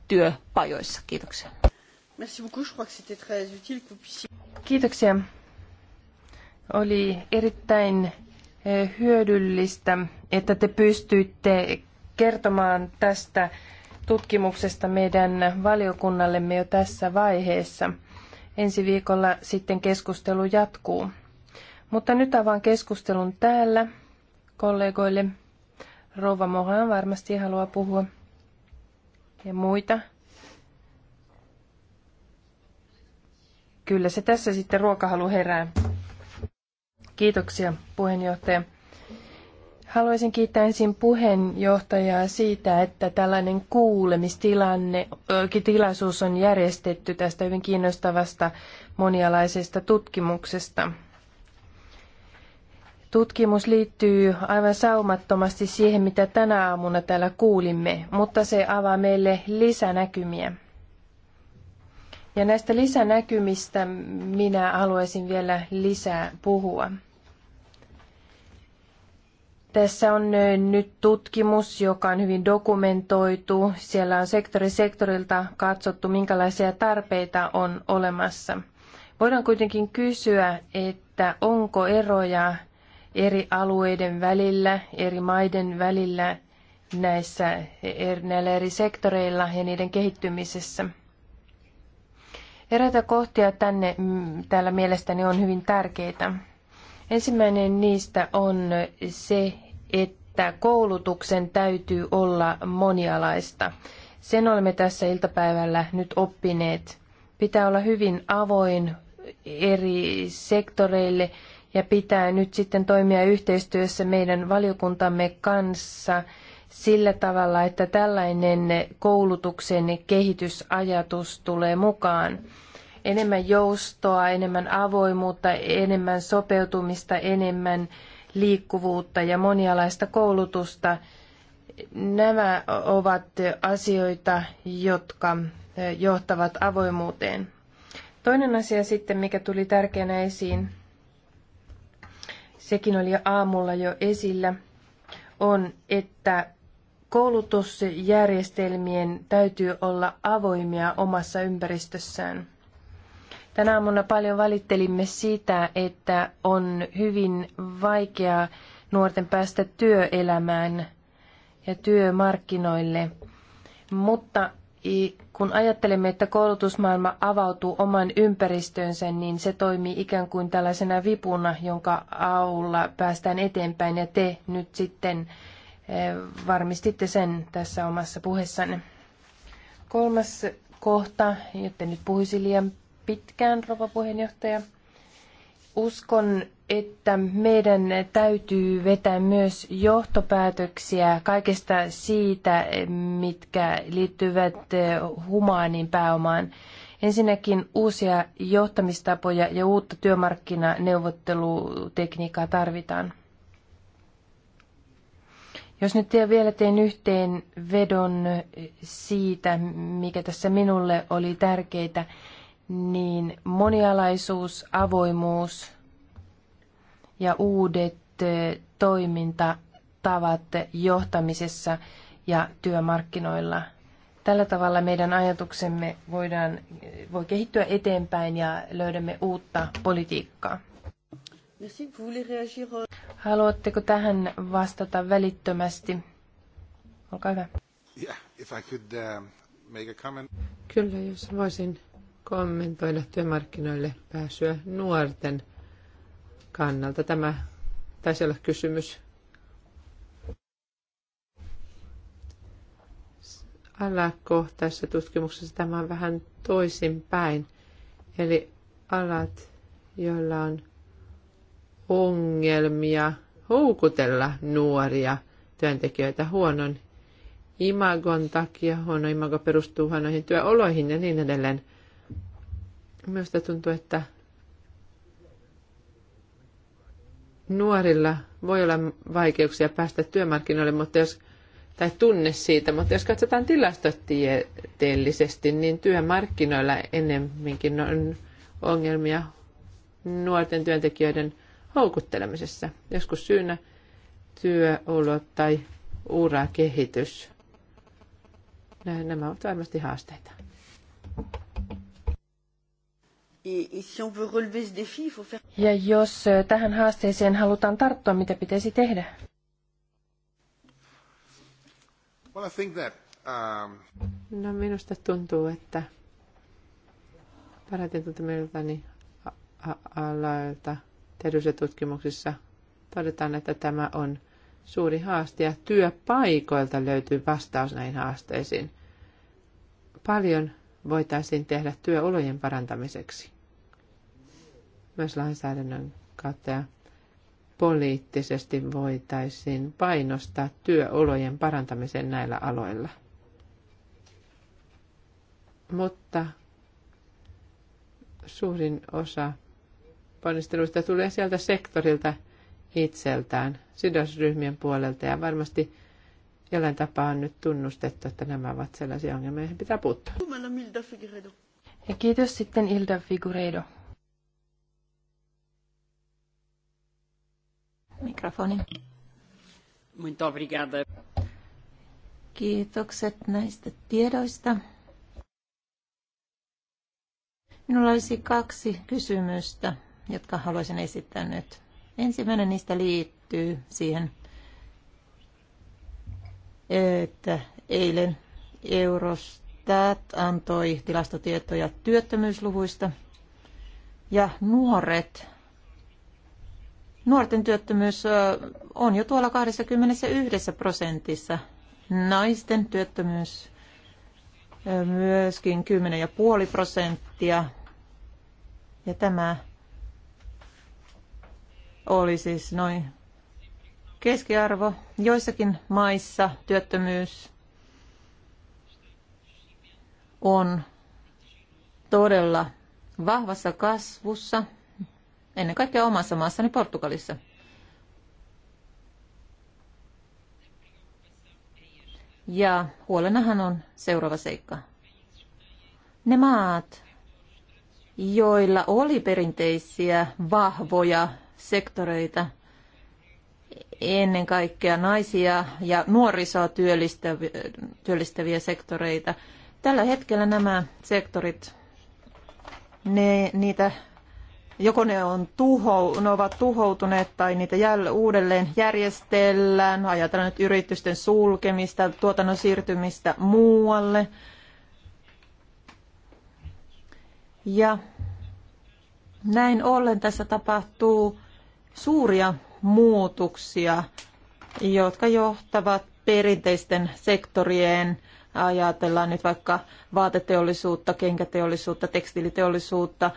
työpajoissa. Kiitoksia. Kiitoksia. Oli erittäin eh, hyödyllistä, että te pystyitte kertomaan tästä tutkimuksesta meidän valiokunnallemme jo tässä vaiheessa. Ensi viikolla sitten keskustelu jatkuu. Mutta nyt avaan keskustelun täällä kollegoille. Rouva Mohan varmasti haluaa puhua. Ja muita. Kyllä se tässä sitten ruokahalu herää. Kiitoksia puheenjohtaja. Haluaisin kiittää ensin puheenjohtajaa siitä, että tällainen kuulemistilanne, tilaisuus on järjestetty tästä hyvin kiinnostavasta monialaisesta tutkimuksesta. Tutkimus liittyy aivan saumattomasti siihen, mitä tänä aamuna täällä kuulimme, mutta se avaa meille lisänäkymiä. Ja näistä lisänäkymistä minä haluaisin vielä lisää puhua. Tässä on nyt tutkimus, joka on hyvin dokumentoitu. Siellä on sektori sektorilta katsottu, minkälaisia tarpeita on olemassa. Voidaan kuitenkin kysyä, että onko eroja eri alueiden välillä, eri maiden välillä näissä, er-, näillä eri sektoreilla ja niiden kehittymisessä. Eräitä kohtia tänne, mm, täällä mielestäni on hyvin tärkeitä. Ensimmäinen niistä on se, että koulutuksen täytyy olla monialaista. Sen olemme tässä iltapäivällä nyt oppineet. Pitää olla hyvin avoin eri sektoreille ja pitää nyt sitten toimia yhteistyössä meidän valiokuntamme kanssa sillä tavalla, että tällainen koulutuksen kehitysajatus tulee mukaan. Enemmän joustoa, enemmän avoimuutta, enemmän sopeutumista, enemmän liikkuvuutta ja monialaista koulutusta. Nämä ovat asioita, jotka johtavat avoimuuteen. Toinen asia sitten, mikä tuli tärkeänä esiin, sekin oli aamulla jo esillä, on, että koulutusjärjestelmien täytyy olla avoimia omassa ympäristössään. Tänä aamuna paljon valittelimme sitä, että on hyvin vaikea nuorten päästä työelämään ja työmarkkinoille, mutta kun ajattelemme, että koulutusmaailma avautuu oman ympäristöönsä, niin se toimii ikään kuin tällaisena vipuna, jonka aulla päästään eteenpäin ja te nyt sitten eh, varmistitte sen tässä omassa puheessanne. Kolmas kohta, jotta nyt puhuisi liian pitkään, rouva puheenjohtaja. Uskon että meidän täytyy vetää myös johtopäätöksiä kaikesta siitä, mitkä liittyvät eh, humaaniin pääomaan. Ensinnäkin uusia johtamistapoja ja uutta työmarkkinaneuvottelutekniikkaa tarvitaan. Jos nyt vielä teen yhteen vedon eh, siitä, mikä tässä minulle oli tärkeintä, niin monialaisuus, avoimuus, ja uudet toimintatavat johtamisessa ja työmarkkinoilla. Tällä tavalla meidän ajatuksemme voidaan, voi kehittyä eteenpäin ja löydämme uutta politiikkaa. Euh? Haluatteko tähän vastata välittömästi? Olkaa hyvä. Yeah, if I could, um, make a comment. Kyllä, jos voisin kommentoida työmarkkinoille pääsyä nuorten kannalta. Tämä taisi olla kysymys. Alakohtaisessa tutkimuksessa tämä on vähän toisinpäin. Eli alat, joilla on ongelmia houkutella nuoria työntekijöitä huonon imagon takia, huono imago perustuu huonoihin työoloihin ja niin edelleen. Minusta tuntuu, että nuorilla voi olla vaikeuksia päästä työmarkkinoille, mutta jos, tai tunne siitä, mutta jos katsotaan tilastotieteellisesti, niin työmarkkinoilla ennemminkin on ongelmia nuorten työntekijöiden houkuttelemisessa. Joskus syynä työolot tai urakehitys. Nämä ovat varmasti haasteita. Ja jos tähän haasteeseen halutaan tarttua, mitä pitäisi tehdä? Um, no minusta tuntuu, että parhaiten tuntemiltani alalta tehdyissä tutkimuksissa todetaan, että tämä on suuri haaste ja työpaikoilta löytyy vastaus näihin haasteisiin. Paljon voitaisiin tehdä työolojen parantamiseksi myös lainsäädännön kautta ja poliittisesti voitaisiin painostaa työolojen parantamiseen näillä aloilla. Mutta suurin osa ponnisteluista tulee sieltä sektorilta itseltään, sidosryhmien puolelta ja varmasti jollain tapaa on nyt tunnustettu, että nämä ovat sellaisia ongelmia, joihin pitää puuttua. Kiitos sitten Ilda Figuredo. Mikrofoni. Muito obrigada. Kiitokset näistä tiedoista. Minulla olisi kaksi kysymystä, jotka haluaisin esittää nyt. Ensimmäinen niistä liittyy siihen, että eilen Eurostat antoi tilastotietoja työttömyysluvuista ja nuoret Nuorten työttömyys on jo tuolla 21 prosentissa. Naisten työttömyys myöskin 10,5 prosenttia. Ja tämä oli siis noin keskiarvo. Joissakin maissa työttömyys on todella vahvassa kasvussa – ennen kaikkea omassa maassani Portugalissa. Ja huolenahan on seuraava seikka. Ne maat, joilla oli perinteisiä vahvoja sektoreita, ennen kaikkea naisia ja nuorisoa työllistäviä, työllistäviä sektoreita. Tällä hetkellä nämä sektorit, ne, niitä joko ne, on tuho, ne ovat tuhoutuneet tai niitä jäl, uudelleen järjestellään. Ajatellaan nyt yritysten sulkemista, tuotannon siirtymistä muualle. Ja näin ollen tässä tapahtuu suuria muutoksia, jotka johtavat perinteisten sektorien ajatellaan nyt vaikka vaateteollisuutta, kenkäteollisuutta, tekstiiliteollisuutta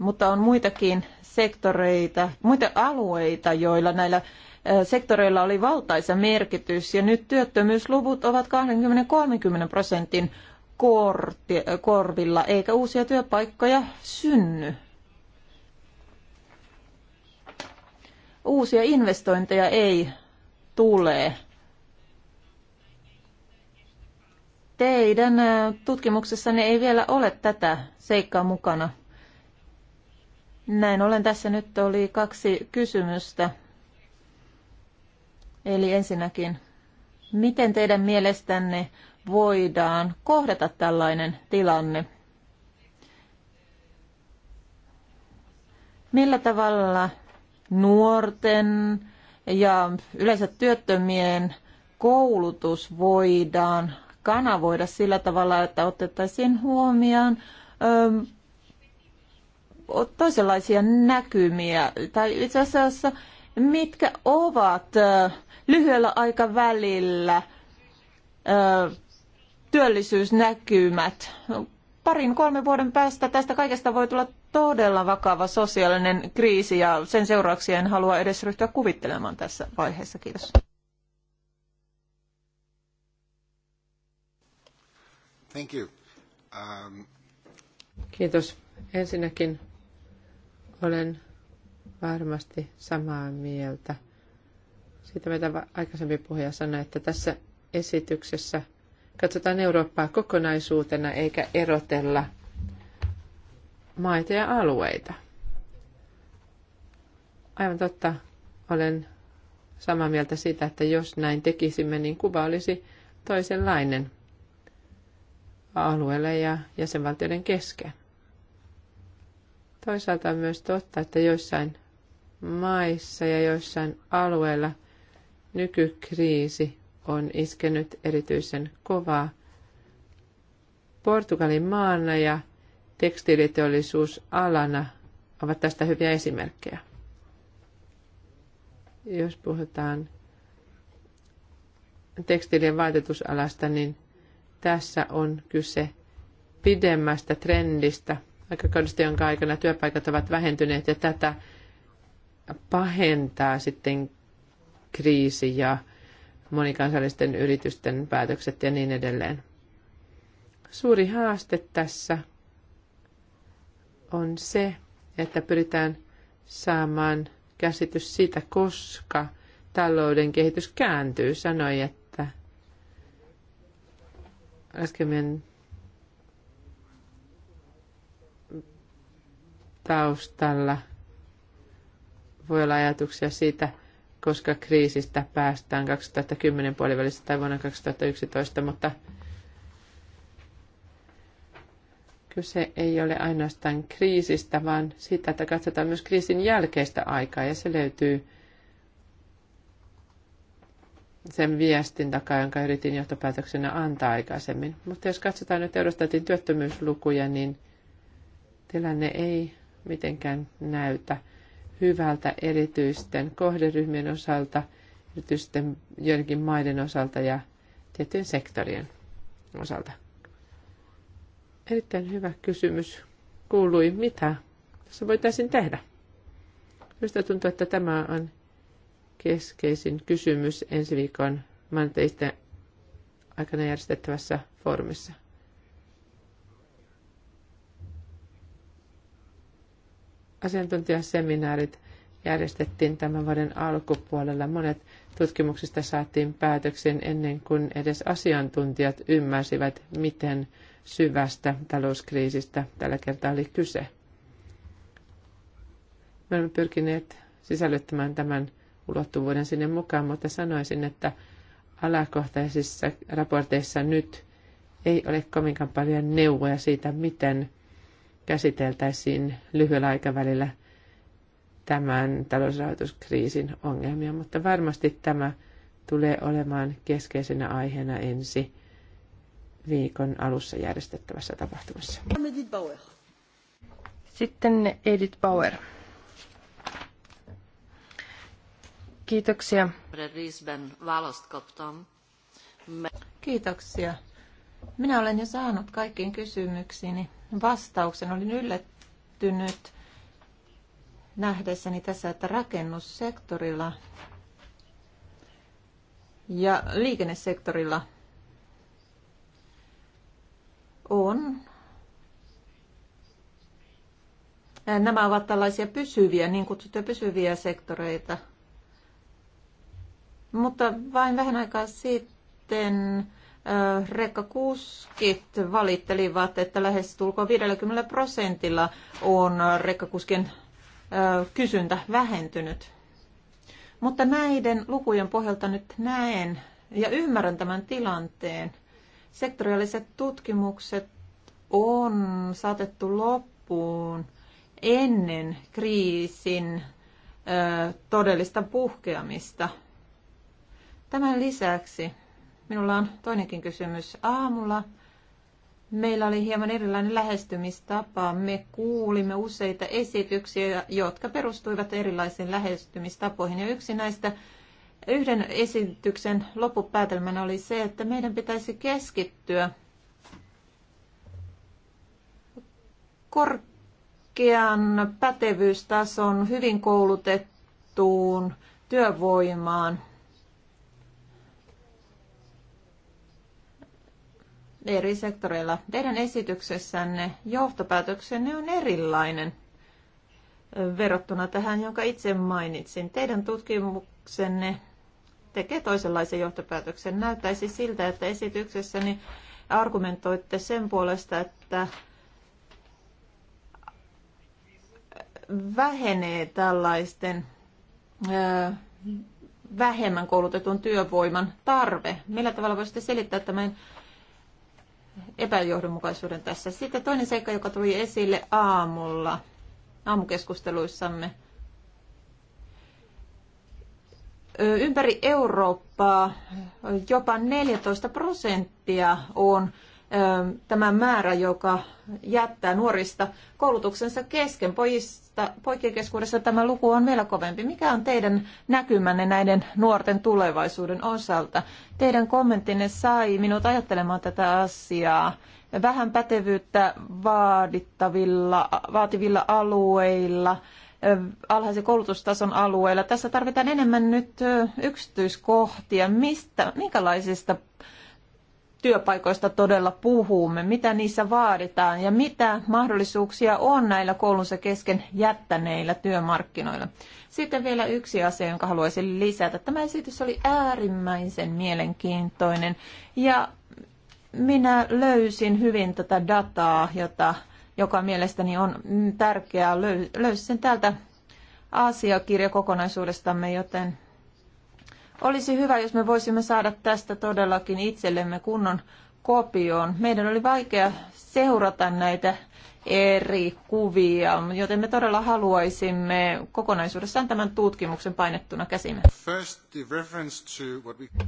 mutta on muitakin sektoreita, muita alueita, joilla näillä sektoreilla oli valtaisa merkitys ja nyt työttömyysluvut ovat 20-30 prosentin korvilla eikä uusia työpaikkoja synny. Uusia investointeja ei tule. Teidän tutkimuksessanne ei vielä ole tätä seikkaa mukana. Näin olen tässä nyt oli kaksi kysymystä. Eli ensinnäkin, miten teidän mielestänne voidaan kohdata tällainen tilanne? Millä tavalla nuorten ja yleensä työttömien koulutus voidaan kanavoida sillä tavalla, että otettaisiin huomioon toisenlaisia näkymiä, tai itse asiassa mitkä ovat lyhyellä aikavälillä työllisyysnäkymät. Parin kolmen vuoden päästä tästä kaikesta voi tulla todella vakava sosiaalinen kriisi ja sen seurauksia en halua edes ryhtyä kuvittelemaan tässä vaiheessa. Kiitos. Thank you. Um... Kiitos. Ensinnäkin olen varmasti samaa mieltä. Siitä mitä aikaisempi puhuja sanoi, että tässä esityksessä katsotaan Eurooppaa kokonaisuutena eikä erotella maita ja alueita. Aivan totta, olen samaa mieltä siitä, että jos näin tekisimme, niin kuva olisi toisenlainen alueelle ja jäsenvaltioiden kesken. Toisaalta on myös totta, että joissain maissa ja joissain alueilla nykykriisi on iskenyt erityisen kovaa. Portugalin maana ja tekstiiliteollisuusalana ovat tästä hyviä esimerkkejä. Jos puhutaan tekstiilien vaatetusalasta, niin tässä on kyse pidemmästä trendistä – aikakaudesta, jonka aikana työpaikat ovat vähentyneet ja tätä pahentaa sitten kriisi ja monikansallisten yritysten päätökset ja niin edelleen. Suuri haaste tässä on se, että pyritään saamaan käsitys siitä, koska talouden kehitys kääntyy. Sanoi, että äsken taustalla voi olla ajatuksia siitä, koska kriisistä päästään 2010 puolivälissä tai vuonna 2011, mutta kyse ei ole ainoastaan kriisistä, vaan siitä, että katsotaan myös kriisin jälkeistä aikaa ja se löytyy sen viestin takaa, jonka yritin johtopäätöksenä antaa aikaisemmin. Mutta jos katsotaan nyt Eurostatin työttömyyslukuja, niin tilanne ei mitenkään näytä hyvältä erityisten kohderyhmien osalta, erityisten joidenkin maiden osalta ja tiettyjen sektorien osalta. Erittäin hyvä kysymys kuului, mitä tässä voitaisiin tehdä. Minusta tuntuu, että tämä on keskeisin kysymys ensi viikon maanantaista aikana järjestettävässä foorumissa. asiantuntijaseminaarit järjestettiin tämän vuoden alkupuolella. Monet tutkimuksista saatiin päätöksen ennen kuin edes asiantuntijat ymmärsivät, miten syvästä talouskriisistä tällä kertaa oli kyse. Me olemme pyrkineet sisällyttämään tämän ulottuvuuden sinne mukaan, mutta sanoisin, että alakohtaisissa raporteissa nyt ei ole kovinkaan paljon neuvoja siitä, miten käsiteltäisiin lyhyellä aikavälillä tämän talousrahoituskriisin ongelmia, mutta varmasti tämä tulee olemaan keskeisenä aiheena ensi viikon alussa järjestettävässä tapahtumassa. Sitten Edith Bauer. Kiitoksia. Kiitoksia. Minä olen jo saanut kaikkiin kysymyksiini vastauksen. Olin yllättynyt nähdessäni tässä, että rakennussektorilla ja liikennesektorilla on. Nämä ovat tällaisia pysyviä, niin kutsuttuja pysyviä sektoreita. Mutta vain vähän aikaa sitten Äh, rekkakuskit valittelivat, että lähes tulkoon 50 prosentilla on äh, rekkakuskien äh, kysyntä vähentynyt. Mutta näiden lukujen pohjalta nyt näen ja ymmärrän tämän tilanteen. Sektoriaaliset tutkimukset on saatettu loppuun ennen kriisin todellista puhkeamista. Tämän lisäksi Minulla on toinenkin kysymys. Aamulla meillä oli hieman erilainen lähestymistapa. Me kuulimme useita esityksiä, jotka perustuivat erilaisiin lähestymistapoihin. Ja yksi näistä yhden esityksen loppupäätelmänä oli se, että meidän pitäisi keskittyä korkean pätevyystason, hyvin koulutettuun työvoimaan – eri sektoreilla. Teidän esityksessänne johtopäätöksenne on erilainen verrattuna tähän, jonka itse mainitsin. Teidän tutkimuksenne tekee toisenlaisen johtopäätöksen. Näyttäisi siltä, että esityksessäni argumentoitte sen puolesta, että vähenee tällaisten vähemmän koulutetun työvoiman tarve. Millä tavalla voisitte selittää tämän epäjohdonmukaisuuden tässä. Sitten toinen seikka, joka tuli esille aamulla, aamukeskusteluissamme. Ympäri Eurooppaa jopa 14 prosenttia on tämä määrä, joka jättää nuorista koulutuksensa kesken. pois mutta poikien keskuudessa tämä luku on vielä kovempi. Mikä on teidän näkymänne näiden nuorten tulevaisuuden osalta? Teidän kommenttinne sai minut ajattelemaan tätä asiaa. Vähän pätevyyttä vaadittavilla, vaativilla alueilla, alhaisen koulutustason alueilla. Tässä tarvitaan enemmän nyt yksityiskohtia. Mistä, minkälaisista työpaikoista todella puhumme, mitä niissä vaaditaan ja mitä mahdollisuuksia on näillä koulunsa kesken jättäneillä työmarkkinoilla. Sitten vielä yksi asia, jonka haluaisin lisätä. Tämä esitys oli äärimmäisen mielenkiintoinen ja minä löysin hyvin tätä dataa, jota, joka mielestäni on tärkeää. Löysin sen täältä asiakirjakokonaisuudestamme, joten olisi hyvä, jos me voisimme saada tästä todellakin itsellemme kunnon kopioon. Meidän oli vaikea seurata näitä eri kuvia, joten me todella haluaisimme kokonaisuudessaan tämän tutkimuksen painettuna käsimme.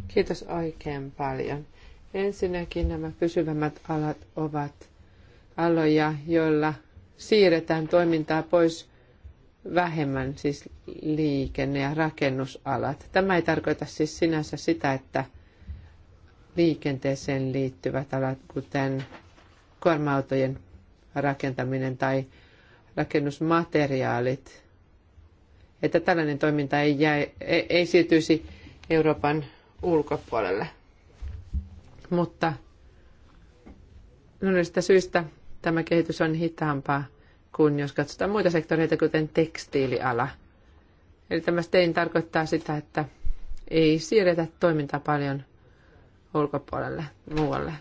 Kiitos oikein paljon. Ensinnäkin nämä pysyvämmät alat ovat aloja, joilla siirretään toimintaa pois vähemmän siis liikenne- ja rakennusalat. Tämä ei tarkoita siis sinänsä sitä, että liikenteeseen liittyvät alat, kuten kuorma-autojen rakentaminen tai rakennusmateriaalit, että tällainen toiminta ei, jää, ei, ei siirtyisi Euroopan ulkopuolelle. Mutta no, syistä tämä kehitys on hitaampaa – kuin jos katsotaan muita sektoreita, kuten tekstiiliala. Eli tämä stein tarkoittaa sitä, että ei siirretä toimintaa paljon ulkopuolelle, muualle.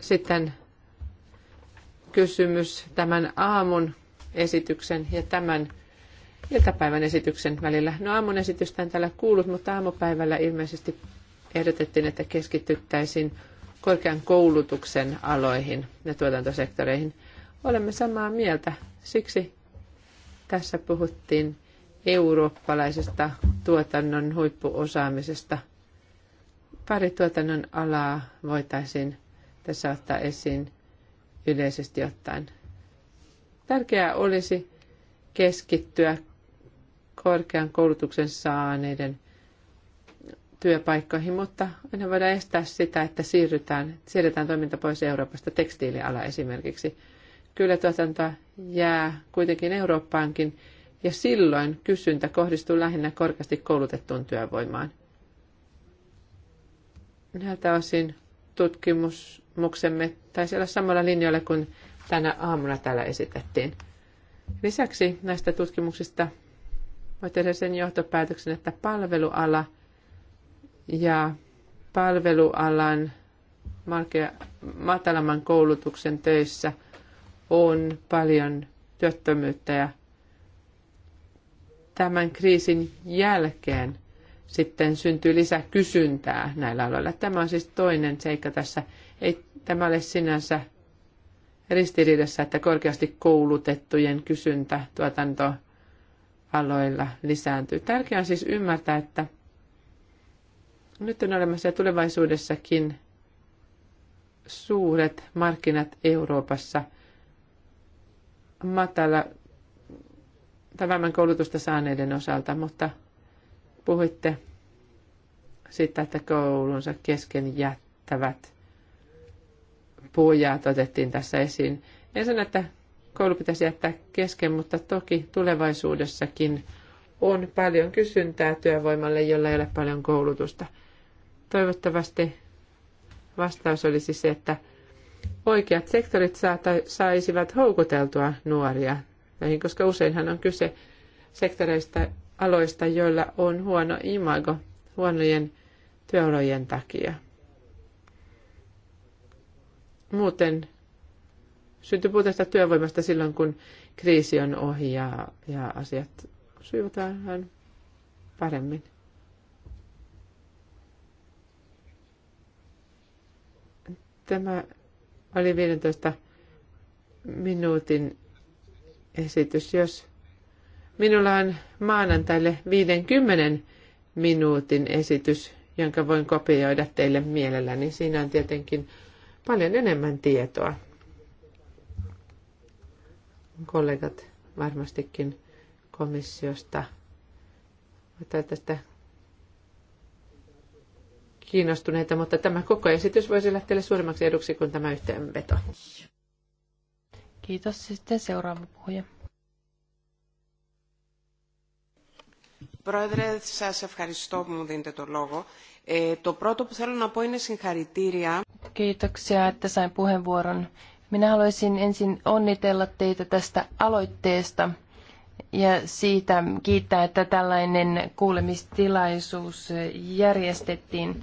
Sitten kysymys tämän aamun esityksen ja tämän iltapäivän esityksen välillä. No aamun esitystä en täällä kuullut, mutta aamupäivällä ilmeisesti ehdotettiin, että keskityttäisiin korkean koulutuksen aloihin ja tuotantosektoreihin. Olemme samaa mieltä. Siksi tässä puhuttiin eurooppalaisesta tuotannon huippuosaamisesta. Pari tuotannon alaa voitaisiin tässä ottaa esiin yleisesti ottaen. Tärkeää olisi keskittyä korkean koulutuksen saaneiden työpaikkoihin, mutta aina voidaan estää sitä, että siirrytään, siirretään toiminta pois Euroopasta, tekstiiliala esimerkiksi. Kyllä tuotanto jää kuitenkin Eurooppaankin, ja silloin kysyntä kohdistuu lähinnä korkeasti koulutettuun työvoimaan. Näiltä osin tutkimuksemme taisi olla samalla linjoilla kuin tänä aamuna täällä esitettiin. Lisäksi näistä tutkimuksista voi tehdä sen johtopäätöksen, että palveluala – ja palvelualan matalamman koulutuksen töissä on paljon työttömyyttä ja tämän kriisin jälkeen sitten syntyy lisää kysyntää näillä aloilla. Tämä on siis toinen seikka tässä. Ei tämä ole sinänsä ristiriidassa, että korkeasti koulutettujen kysyntä tuotantoaloilla lisääntyy. Tärkeää on siis ymmärtää, että nyt on olemassa tulevaisuudessakin suuret markkinat Euroopassa matala tai vähemmän koulutusta saaneiden osalta, mutta puhuitte sitä, että koulunsa kesken jättävät pojat otettiin tässä esiin. En sano, että koulu pitäisi jättää kesken, mutta toki tulevaisuudessakin on paljon kysyntää työvoimalle, jolla ei ole paljon koulutusta – Toivottavasti vastaus olisi se, että oikeat sektorit saisivat houkuteltua nuoria näihin, koska useinhan on kyse sektoreista, aloista, joilla on huono imago huonojen työolojen takia. Muuten syntyy puutetta työvoimasta silloin, kun kriisi on ohi ja, ja asiat sujuvat vähän paremmin. Tämä oli 15 minuutin esitys. Jos minulla on maanantaille 50 minuutin esitys, jonka voin kopioida teille mielelläni, siinä on tietenkin paljon enemmän tietoa. Kollegat varmastikin komissiosta tai tästä kiinnostuneita, mutta tämä koko esitys voisi olla teille suuremmaksi eduksi kuin tämä yhteenveto. Kiitos. Sitten seuraava puhuja. Πρόεδρε, σα ευχαριστώ που μου δίνετε το λόγο. Ε, το πρώτο που θέλω να πω είναι συγχαρητήρια. Kiitoksia, että sain puheenvuoron. Minä haluaisin ensin onnitella teitä tästä aloitteesta ja siitä kiittää, että tällainen kuulemistilaisuus järjestettiin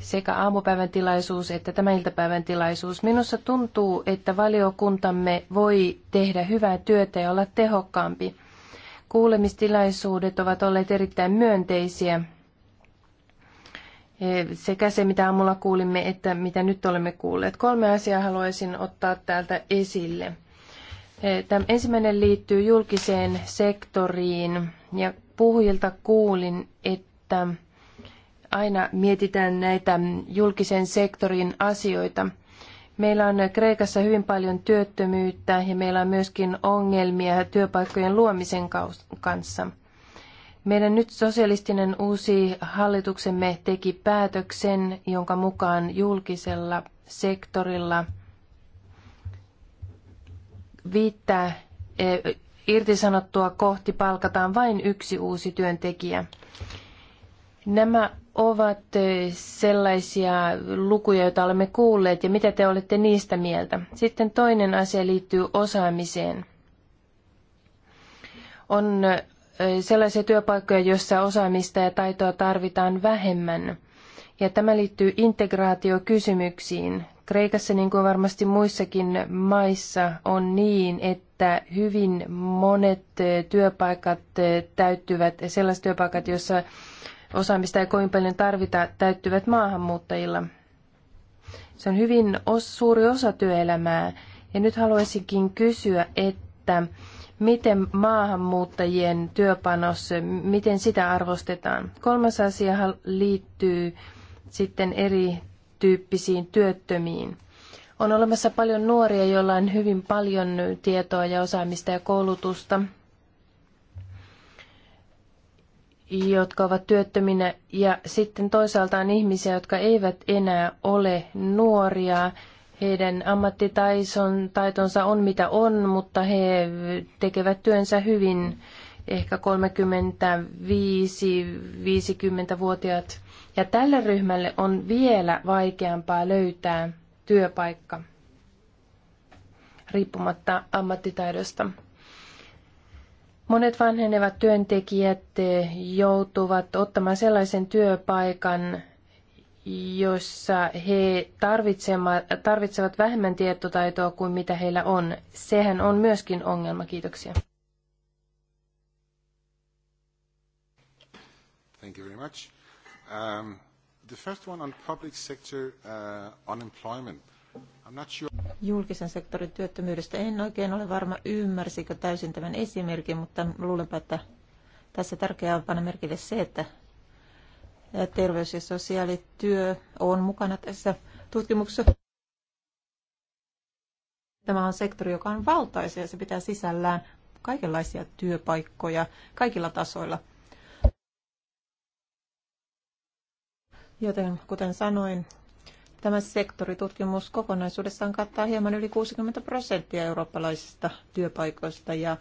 sekä aamupäivän tilaisuus että tämän iltapäivän tilaisuus. Minusta tuntuu, että valiokuntamme voi tehdä hyvää työtä ja olla tehokkaampi. Kuulemistilaisuudet ovat olleet erittäin myönteisiä. E, sekä se, mitä aamulla kuulimme, että mitä nyt olemme kuulleet. Kolme asiaa haluaisin ottaa täältä esille. Tämä ensimmäinen liittyy julkiseen sektoriin ja puhujilta kuulin, että aina mietitään näitä julkisen sektorin asioita. Meillä on Kreikassa hyvin paljon työttömyyttä ja meillä on myöskin ongelmia työpaikkojen luomisen kanssa. Meidän nyt sosialistinen uusi hallituksemme teki päätöksen, jonka mukaan julkisella sektorilla – viittää e, irtisanottua kohti palkataan vain yksi uusi työntekijä. Nämä ovat e, sellaisia lukuja, joita olemme kuulleet, ja mitä te olette niistä mieltä? Sitten toinen asia liittyy osaamiseen. On e, sellaisia työpaikkoja, joissa osaamista ja taitoa tarvitaan vähemmän. Ja tämä liittyy integraatiokysymyksiin. Kreikassa, niin kuin varmasti muissakin maissa, on niin, että hyvin monet eh, työpaikat eh, täyttyvät, sellaiset työpaikat, joissa osaamista ei kovin paljon tarvita, täyttyvät maahanmuuttajilla. Se on hyvin suuri osa työelämää. Ja nyt haluaisinkin kysyä, että miten maahanmuuttajien työpanos, eh, miten sitä arvostetaan. Kolmas asia liittyy sitten eri tyyppisiin työttömiin. On olemassa paljon nuoria, joilla on hyvin paljon tietoa ja osaamista ja koulutusta, jotka ovat työttöminä. Ja sitten toisaalta on ihmisiä, jotka eivät enää ole nuoria. Heidän ammattitaitonsa on mitä on, mutta he tekevät työnsä hyvin. Ehkä 35-50-vuotiaat ja tälle ryhmälle on vielä vaikeampaa löytää työpaikka riippumatta ammattitaidosta. Monet vanhenevat työntekijät joutuvat ottamaan sellaisen työpaikan, jossa he tarvitsevat vähemmän tietotaitoa kuin mitä heillä on. Sehän on myöskin ongelma. Kiitoksia. Thank you very much. Um, the first one on public sector uh, unemployment. I'm not sure. Julkisen sektorin työttömyydestä en oikein ole varma, ymmärsikö täysin tämän esimerkin, mutta luulenpa, että tässä tärkeää on panna merkille se, että terveys- ja sosiaalityö on mukana tässä tutkimuksessa. Tämä on sektori, joka on valtaisia, ja se pitää sisällään kaikenlaisia työpaikkoja kaikilla tasoilla – Joten kuten sanoin, tämä sektoritutkimus kokonaisuudessaan kattaa hieman yli 60 prosenttia eurooppalaisista työpaikoista ja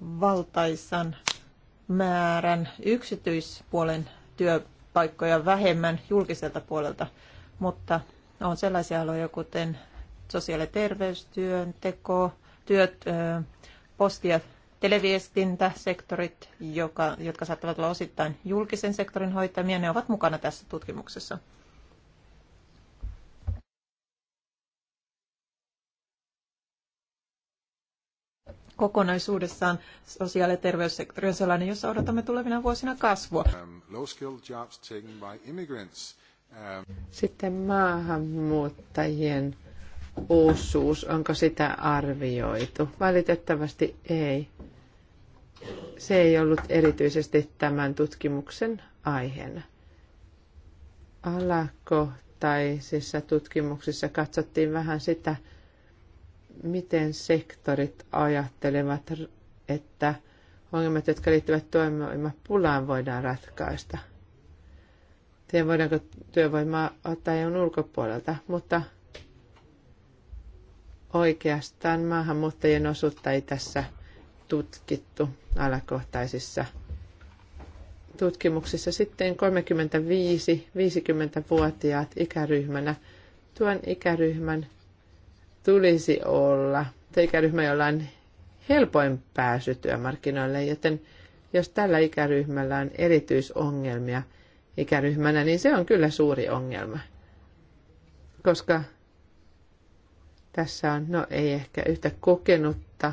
valtaisan määrän yksityispuolen työpaikkoja vähemmän julkiselta puolelta, mutta on sellaisia aloja kuten sosiaali- ja terveystyönteko, työt, posti- ja televiestintäsektorit, joka, jotka saattavat olla osittain julkisen sektorin hoitamia, ne ovat mukana tässä tutkimuksessa. kokonaisuudessaan sosiaali- ja terveyssektori on sellainen, jossa odotamme tulevina vuosina kasvua. Um, um, Sitten maahanmuuttajien osuus, onko sitä arvioitu? Valitettavasti ei. Se ei ollut erityisesti tämän tutkimuksen aiheena. Alakohtaisissa tutkimuksissa katsottiin vähän sitä, miten sektorit ajattelevat, että ongelmat, jotka liittyvät työvoimapulaan, voidaan ratkaista. Tiedän, voidaanko työvoimaa ottaa jo ulkopuolelta, mutta Oikeastaan maahanmuuttajien osuutta ei tässä tutkittu alakohtaisissa tutkimuksissa. Sitten 35-50-vuotiaat ikäryhmänä. Tuon ikäryhmän tulisi olla se ikäryhmä, jolla on helpoin pääsy työmarkkinoille, joten jos tällä ikäryhmällä on erityisongelmia ikäryhmänä, niin se on kyllä suuri ongelma, koska tässä on, no ei ehkä yhtä kokenutta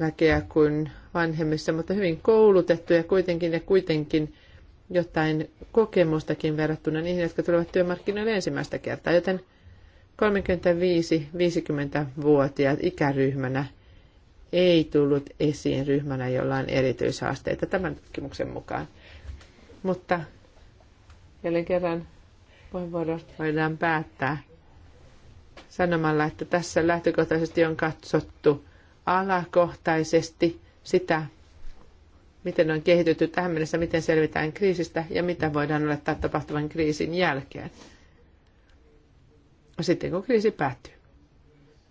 väkeä kuin vanhemmissa, mutta hyvin koulutettuja kuitenkin ja kuitenkin jotain kokemustakin verrattuna niihin, jotka tulevat työmarkkinoille ensimmäistä kertaa. Joten 35-50-vuotiaat ikäryhmänä ei tullut esiin ryhmänä, jolla on erityishaasteita tämän tutkimuksen mukaan. Mutta jälleen kerran puheenvuorosta voidaan päättää sanomalla, että tässä lähtökohtaisesti on katsottu alakohtaisesti sitä, miten on kehitytty tähän mennessä, miten selvitään kriisistä ja mitä voidaan olettaa tapahtuvan kriisin jälkeen. Sitten kun kriisi päättyy.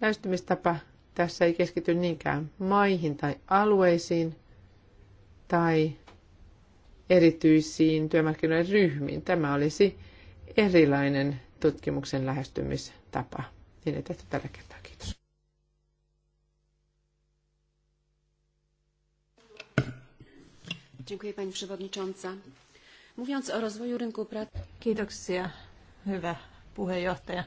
Lähestymistapa tässä ei keskity niinkään maihin tai alueisiin tai erityisiin työmarkkinoiden ryhmiin. Tämä olisi erilainen tutkimuksen lähestymistapa. Niin ei tehty tällä kertaa. Kiitos. Dziękuję Pani Przewodnicząca. Mówiąc o rozwoju rynku pracy... Kiitoksia, hyvä puheenjohtaja.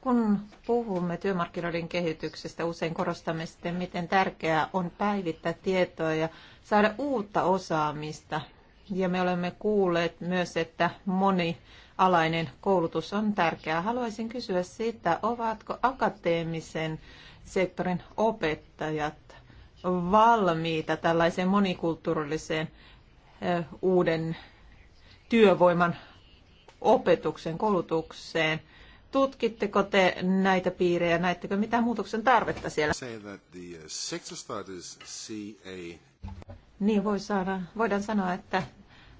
Kun puhumme työmarkkinoiden kehityksestä, usein korostamme sitten, miten tärkeää on päivittää tietoa ja saada uutta osaamista. Ja me olemme kuulleet myös, että moni alainen koulutus on tärkeää. Haluaisin kysyä siitä, ovatko akateemisen sektorin opettajat valmiita tällaiseen monikulttuurilliseen uuden työvoiman opetuksen, koulutukseen. Tutkitteko te näitä piirejä? näettekö mitä muutoksen tarvetta siellä? Uh, niin voi saada, voidaan sanoa, että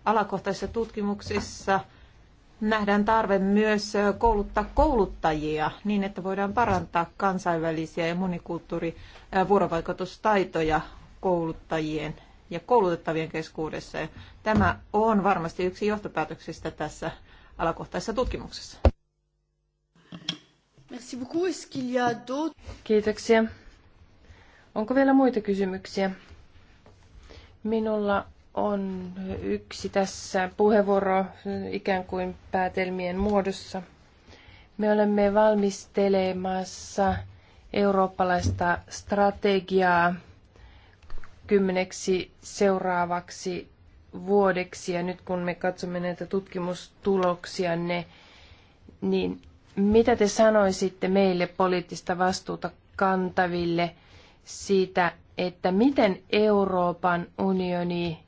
alakohtaisissa tutkimuksissa – nähdään tarve myös kouluttaa kouluttajia niin, että voidaan parantaa kansainvälisiä ja monikulttuurivuorovaikutustaitoja kouluttajien ja koulutettavien keskuudessa. Ja tämä on varmasti yksi johtopäätöksistä tässä alakohtaisessa tutkimuksessa. Kiitoksia. Onko vielä muita kysymyksiä? Minulla on yksi tässä puheenvuoro ikään kuin päätelmien muodossa. Me olemme valmistelemassa eurooppalaista strategiaa kymmeneksi seuraavaksi vuodeksi. Ja nyt kun me katsomme näitä tutkimustuloksia, ne, niin mitä te sanoisitte meille poliittista vastuuta kantaville siitä, että miten Euroopan unioni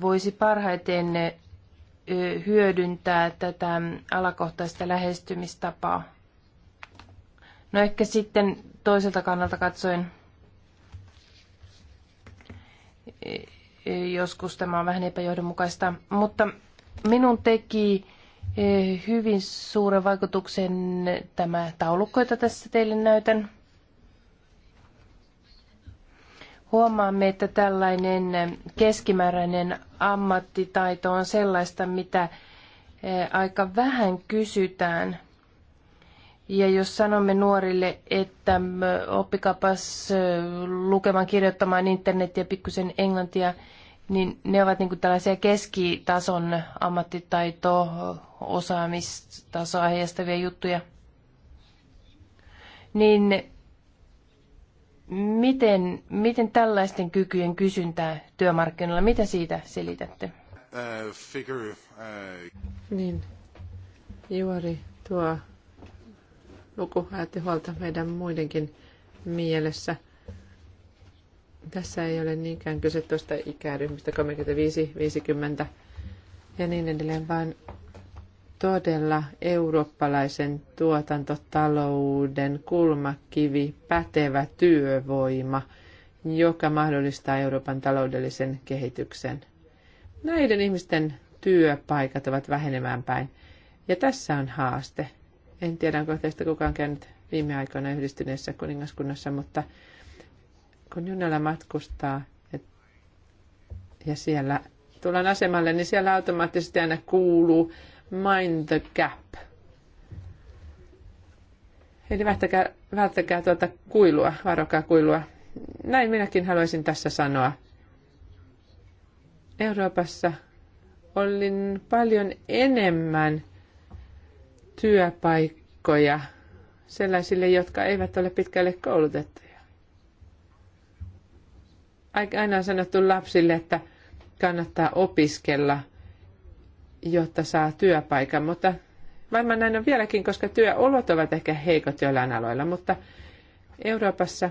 voisi parhaiten hyödyntää tätä alakohtaista lähestymistapaa. No ehkä sitten toiselta kannalta katsoen joskus tämä on vähän epäjohdonmukaista, mutta minun teki hyvin suuren vaikutuksen tämä taulukko, jota tässä teille näytän. huomaamme, että tällainen keskimääräinen ammattitaito on sellaista, mitä eh, aika vähän kysytään. Ja jos sanomme nuorille, että eh, oppikapas eh, lukemaan, kirjoittamaan internetiä, pikkusen englantia, niin ne ovat niin tällaisia keskitason ammattitaito, osaamistasoa heijastavia juttuja. Niin Miten, miten tällaisten kykyjen kysyntää työmarkkinoilla, mitä siitä selitätte? Uh, figure, uh... Niin, juuri tuo luku ajatti huolta meidän muidenkin mielessä. Tässä ei ole niinkään kyse tuosta ikäryhmistä 35-50 ja niin edelleen, vaan todella eurooppalaisen tuotantotalouden kulmakivi, pätevä työvoima, joka mahdollistaa Euroopan taloudellisen kehityksen. Näiden ihmisten työpaikat ovat vähenemään päin. Ja tässä on haaste. En tiedä, onko teistä kukaan käynyt viime aikoina yhdistyneessä kuningaskunnassa, mutta kun junalla matkustaa ja siellä tullaan asemalle, niin siellä automaattisesti aina kuuluu Mind the Gap. Eli välttäkää, välttäkää tuota kuilua, varokaa kuilua. Näin minäkin haluaisin tässä sanoa. Euroopassa olin paljon enemmän työpaikkoja sellaisille, jotka eivät ole pitkälle koulutettuja. Aina on sanottu lapsille, että kannattaa opiskella – jotta saa työpaikan, mutta varmaan näin on vieläkin, koska työolot ovat ehkä heikot joillain aloilla, mutta Euroopassa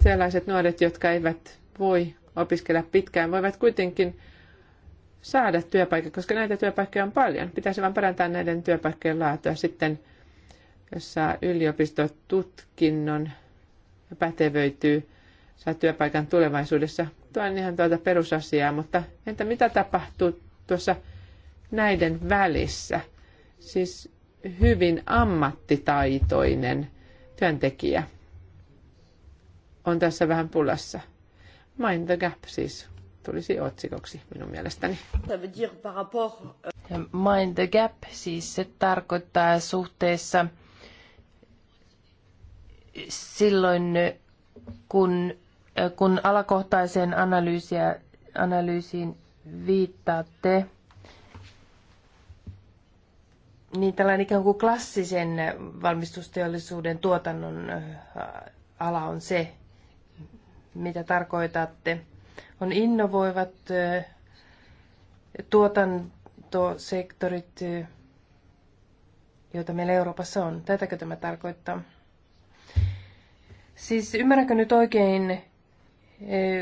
sellaiset nuoret, jotka eivät voi opiskella pitkään, voivat kuitenkin saada työpaikan, koska näitä työpaikkoja on paljon. Pitäisi vain parantaa näiden työpaikkojen laatua sitten, jos saa yliopistotutkinnon ja pätevöityy, saa työpaikan tulevaisuudessa. Tuo on ihan tuota perusasiaa, mutta entä mitä tapahtuu tuossa näiden välissä. Siis hyvin ammattitaitoinen työntekijä on tässä vähän pulassa. Mind the gap siis tulisi otsikoksi minun mielestäni. Euh, mind the gap siis se tarkoittaa suhteessa silloin, kun, kun alakohtaiseen analyysiin viittaatte, niin tällainen ikään kuin klassisen valmistusteollisuuden tuotannon ala on se, mitä tarkoitatte. On innovoivat tuotantosektorit, joita meillä Euroopassa on. Tätäkö tämä tarkoittaa? Siis ymmärränkö nyt oikein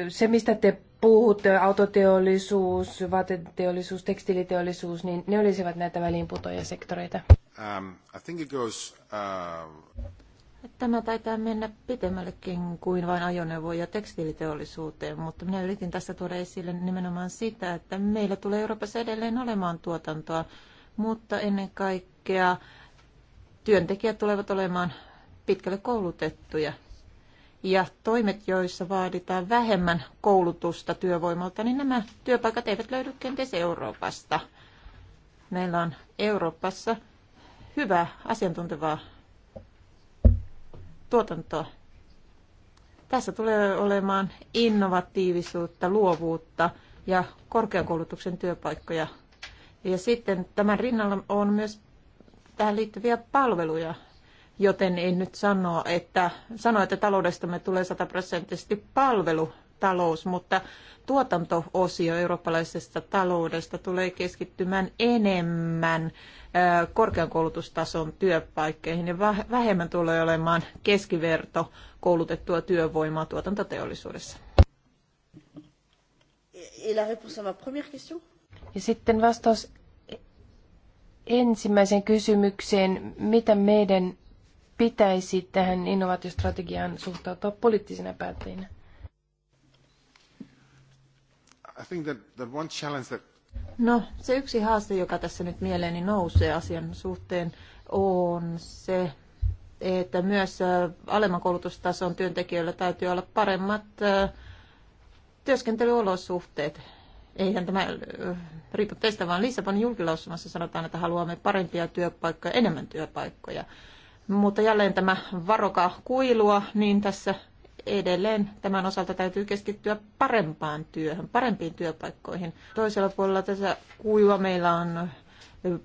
se, mistä te puut, autoteollisuus, vaateteollisuus, tekstiiliteollisuus, niin ne olisivat näitä väliinputoja sektoreita. Um, uh, Tämä taitaa mennä pitemmällekin kuin vain ajoneuvo- ja tekstiiliteollisuuteen, mutta minä yritin tässä tuoda esille nimenomaan sitä, että meillä tulee Euroopassa edelleen olemaan tuotantoa, mutta ennen kaikkea työntekijät tulevat olemaan pitkälle koulutettuja ja toimet, joissa vaaditaan vähemmän koulutusta työvoimalta, niin nämä työpaikat eivät löydy kenties Euroopasta. Meillä on Euroopassa hyvää asiantuntevaa tuotantoa. Tässä tulee olemaan innovatiivisuutta, luovuutta ja korkeakoulutuksen työpaikkoja. Ja sitten tämän rinnalla on myös tähän liittyviä palveluja, joten en nyt sano, että, sano, että taloudestamme tulee sataprosenttisesti palvelutalous, mutta tuotantoosio eurooppalaisesta taloudesta tulee keskittymään enemmän korkean koulutustason ja vähemmän tulee olemaan keskiverto koulutettua työvoimaa tuotantoteollisuudessa. Ja sitten vastaus ensimmäiseen kysymykseen, mitä meidän pitäisi tähän innovaatiostrategiaan suhtautua poliittisina päättäjinä? No, se yksi haaste, joka tässä nyt mieleeni nousee asian suhteen, on se, että myös alemman koulutustason työntekijöillä täytyy olla paremmat työskentelyolosuhteet. Eihän tämä riipu teistä, vaan Lissabonin julkilausumassa sanotaan, että haluamme parempia työpaikkoja, enemmän työpaikkoja. Mutta jälleen tämä varokaa kuilua, niin tässä edelleen tämän osalta täytyy keskittyä parempaan työhön, parempiin työpaikkoihin. Toisella puolella tässä kuiva meillä on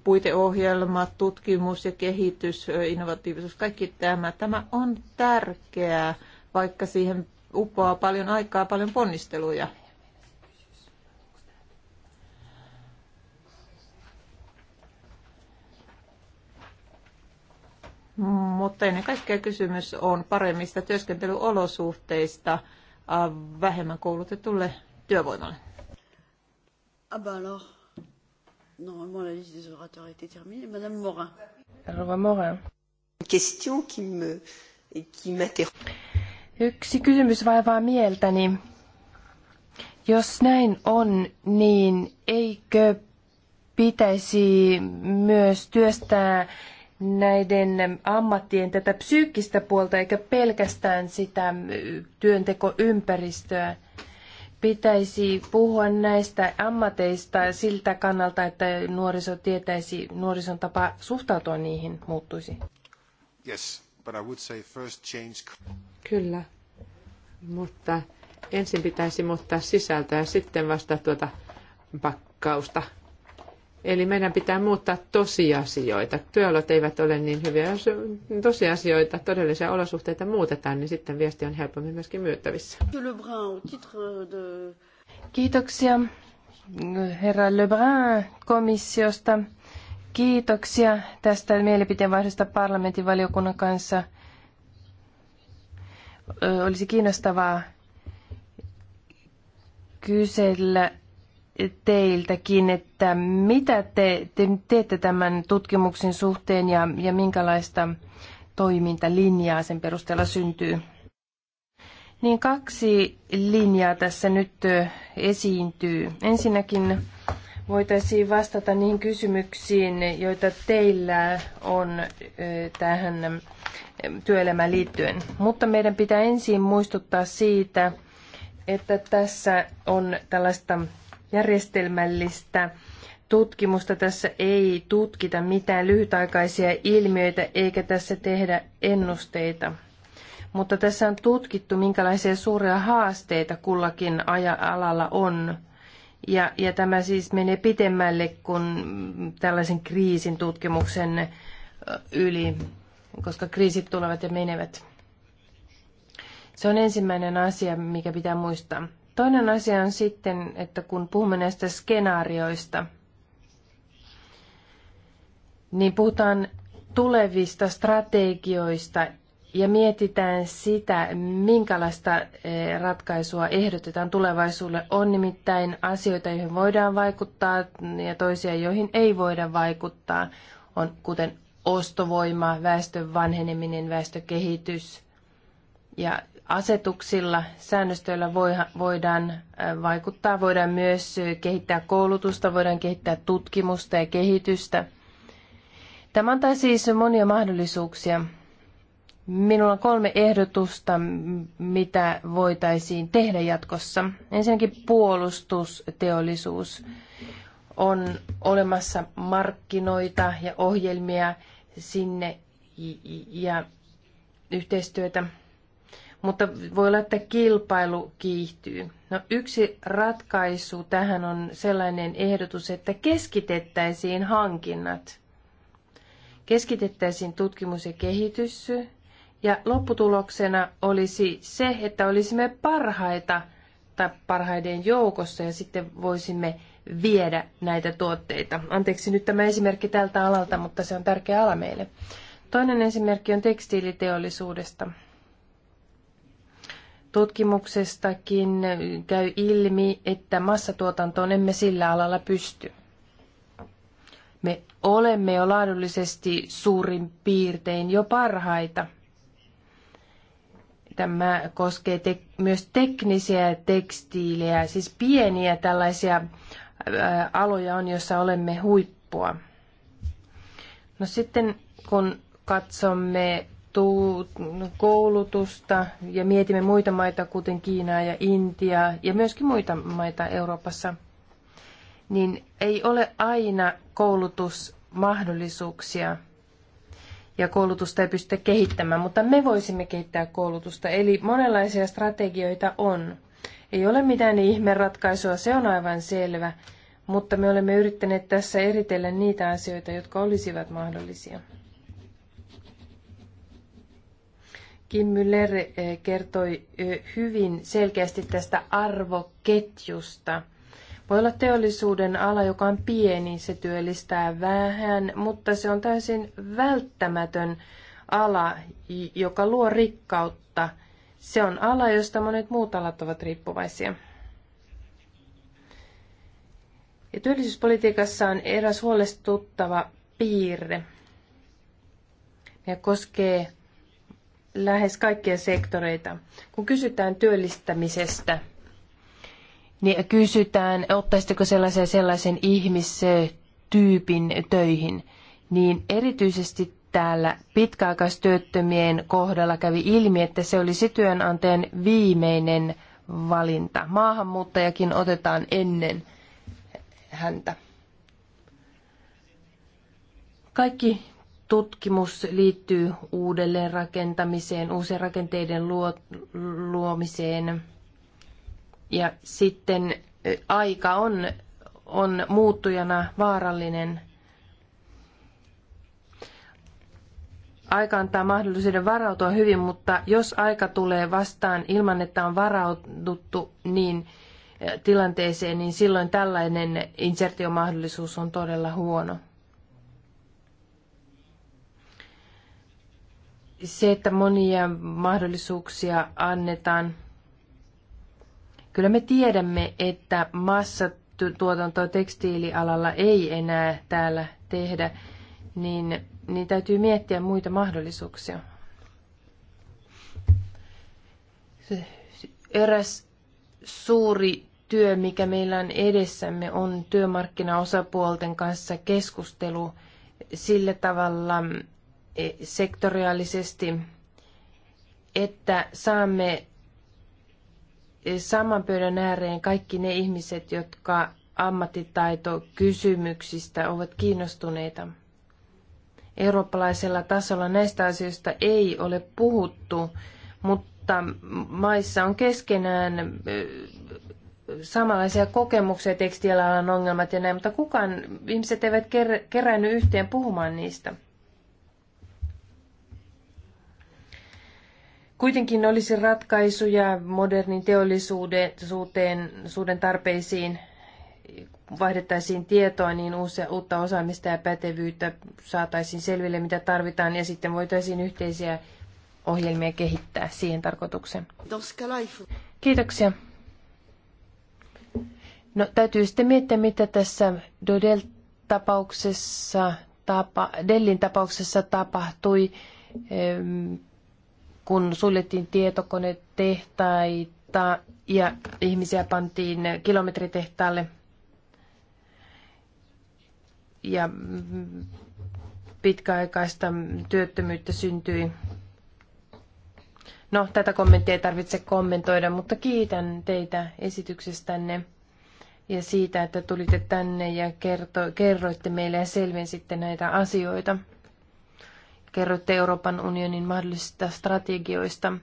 puiteohjelma tutkimus ja kehitys, innovatiivisuus, kaikki tämä. Tämä on tärkeää, vaikka siihen uppoaa paljon aikaa, paljon ponnisteluja. mutta ennen kaikkea kysymys on paremmista työskentelyolosuhteista äh, vähemmän koulutetulle työvoimalle. Ah bah alors, normalement la liste des orateurs était terminée. Madame Morin. Rouva Morin. Une question qui me, qui m'interroge. Yksi kysymys vaivaa mieltäni. Jos näin on, niin eikö pitäisi myös työstää näiden ammattien tätä psyykkistä puolta eikä pelkästään sitä työntekoympäristöä. Pitäisi puhua näistä ammateista siltä kannalta, että nuoriso tietäisi, nuorison tapa suhtautua niihin muuttuisi. Yes, but I would say first change... Kyllä, mutta ensin pitäisi muuttaa sisältöä ja sitten vasta tuota pakkausta. Eli meidän pitää muuttaa tosiasioita. Työolot eivät ole niin hyviä. Jos tosiasioita, todellisia olosuhteita muutetaan, niin sitten viesti on helpommin myöskin myyttävissä. Kiitoksia herra Lebrun komissiosta. Kiitoksia tästä mielipiteenvaihdosta parlamentin valiokunnan kanssa. Olisi kiinnostavaa kysellä teiltäkin, että mitä te, te teette tämän tutkimuksen suhteen ja, ja minkälaista toimintalinjaa sen perusteella syntyy? Niin kaksi linjaa tässä nyt esiintyy. Ensinnäkin voitaisiin vastata niihin kysymyksiin, joita teillä on tähän työelämään liittyen. Mutta meidän pitää ensin muistuttaa siitä, että tässä on tällaista järjestelmällistä tutkimusta. Tässä ei tutkita mitään lyhytaikaisia ilmiöitä eikä tässä tehdä ennusteita. Mutta tässä on tutkittu, minkälaisia suuria haasteita kullakin alalla on. Ja, ja tämä siis menee pitemmälle kuin tällaisen kriisin tutkimuksen yli, koska kriisit tulevat ja menevät. Se on ensimmäinen asia, mikä pitää muistaa. Toinen asia on sitten, että kun puhumme näistä skenaarioista, niin puhutaan tulevista strategioista ja mietitään sitä, minkälaista eh, ratkaisua ehdotetaan tulevaisuudelle. On nimittäin asioita, joihin voidaan vaikuttaa ja toisia, joihin ei voida vaikuttaa, on kuten ostovoima, väestön vanheneminen, väestökehitys ja asetuksilla, säännöstöillä voidaan äh, vaikuttaa, voidaan myös äh, kehittää koulutusta, voidaan kehittää tutkimusta ja kehitystä. Tämä antaa siis monia mahdollisuuksia. Minulla on kolme ehdotusta, mitä voitaisiin tehdä jatkossa. Ensinnäkin puolustusteollisuus. On olemassa markkinoita ja ohjelmia sinne ja yhteistyötä mutta voi olla, että kilpailu kiihtyy. No, yksi ratkaisu tähän on sellainen ehdotus, että keskitettäisiin hankinnat. Keskitettäisiin tutkimus ja kehitys ja lopputuloksena olisi se, että olisimme parhaita tai parhaiden joukossa ja sitten voisimme viedä näitä tuotteita. Anteeksi nyt tämä esimerkki tältä alalta, mutta se on tärkeä ala meille. Toinen esimerkki on tekstiiliteollisuudesta tutkimuksestakin käy ilmi, että massatuotantoon emme sillä alalla pysty. Me olemme jo laadullisesti suurin piirtein jo parhaita. Tämä koskee te- myös teknisiä tekstiilejä, siis pieniä tällaisia ää, aloja on, joissa olemme huippua. No sitten kun katsomme koulutusta ja mietimme muita maita, kuten Kiinaa ja Intiaa ja myöskin muita maita Euroopassa, niin ei ole aina koulutusmahdollisuuksia ja koulutusta ei pystytä kehittämään, mutta me voisimme kehittää koulutusta. Eli monenlaisia strategioita on. Ei ole mitään ihmeratkaisua, se on aivan selvä, mutta me olemme yrittäneet tässä eritellä niitä asioita, jotka olisivat mahdollisia. Kim Müller eh, kertoi eh, hyvin selkeästi tästä arvoketjusta. Voi olla teollisuuden ala, joka on pieni, se työllistää vähän, mutta se on täysin välttämätön ala, joka luo rikkautta. Se on ala, josta monet muut alat ovat riippuvaisia. Ja työllisyyspolitiikassa on eräs huolestuttava piirre. Ja koskee lähes kaikkia sektoreita. Kun kysytään työllistämisestä, niin kysytään, ottaisitteko sellaisen sellaisen ihmistyypin töihin, niin erityisesti täällä pitkäaikaistyöttömien kohdalla kävi ilmi, että se olisi työnantajan viimeinen valinta. Maahanmuuttajakin otetaan ennen häntä. Kaikki tutkimus liittyy uudelleen rakentamiseen, uusien rakenteiden luo, luomiseen. Ja sitten aika on, on muuttujana vaarallinen. Aika antaa mahdollisuuden varautua hyvin, mutta jos aika tulee vastaan ilman, että on varauduttu niin tilanteeseen, niin silloin tällainen insertiomahdollisuus on todella huono. se, että monia mahdollisuuksia annetaan. Kyllä me tiedämme, että massatuotantoa tekstiilialalla ei enää täällä tehdä, niin, niin täytyy miettiä muita mahdollisuuksia. Eräs suuri työ, mikä meillä on edessämme, on työmarkkinaosapuolten kanssa keskustelu sillä tavalla, sektoriaalisesti, että saamme saman pöydän ääreen kaikki ne ihmiset, jotka ammattitaitokysymyksistä ovat kiinnostuneita. Eurooppalaisella tasolla näistä asioista ei ole puhuttu, mutta maissa on keskenään samanlaisia kokemuksia, tekstialan ongelmat ja näin, mutta kukaan, ihmiset eivät kerännyt yhteen puhumaan niistä. Kuitenkin olisi ratkaisuja modernin teollisuuden suuden tarpeisiin, vaihdettaisiin tietoa, niin uusia, uutta osaamista ja pätevyyttä saataisiin selville, mitä tarvitaan, ja sitten voitaisiin yhteisiä ohjelmia kehittää siihen tarkoitukseen. Kiitoksia. No, täytyy sitten miettiä, mitä tässä Dodel-tapauksessa, tapa, Dellin tapauksessa tapahtui kun suljettiin tietokonetehtaita ja ihmisiä pantiin kilometritehtaalle ja pitkäaikaista työttömyyttä syntyi. No, tätä kommenttia ei tarvitse kommentoida, mutta kiitän teitä esityksestänne ja siitä, että tulitte tänne ja kerto, kerroitte meille ja selvensitte näitä asioita kerroitte Euroopan unionin mahdollisista strategioista.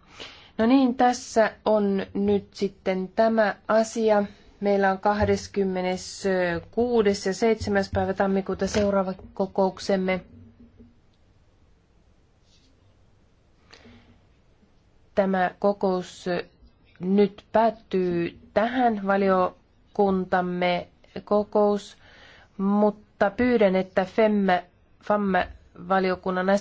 No niin, tässä on nyt sitten tämä asia. Meillä on 26. ja 7. päivä tammikuuta seuraava kokouksemme. Tämä kokous nyt päättyy tähän valiokuntamme kokous, mutta pyydän, että FEMME, FAMME valiokunnan näistä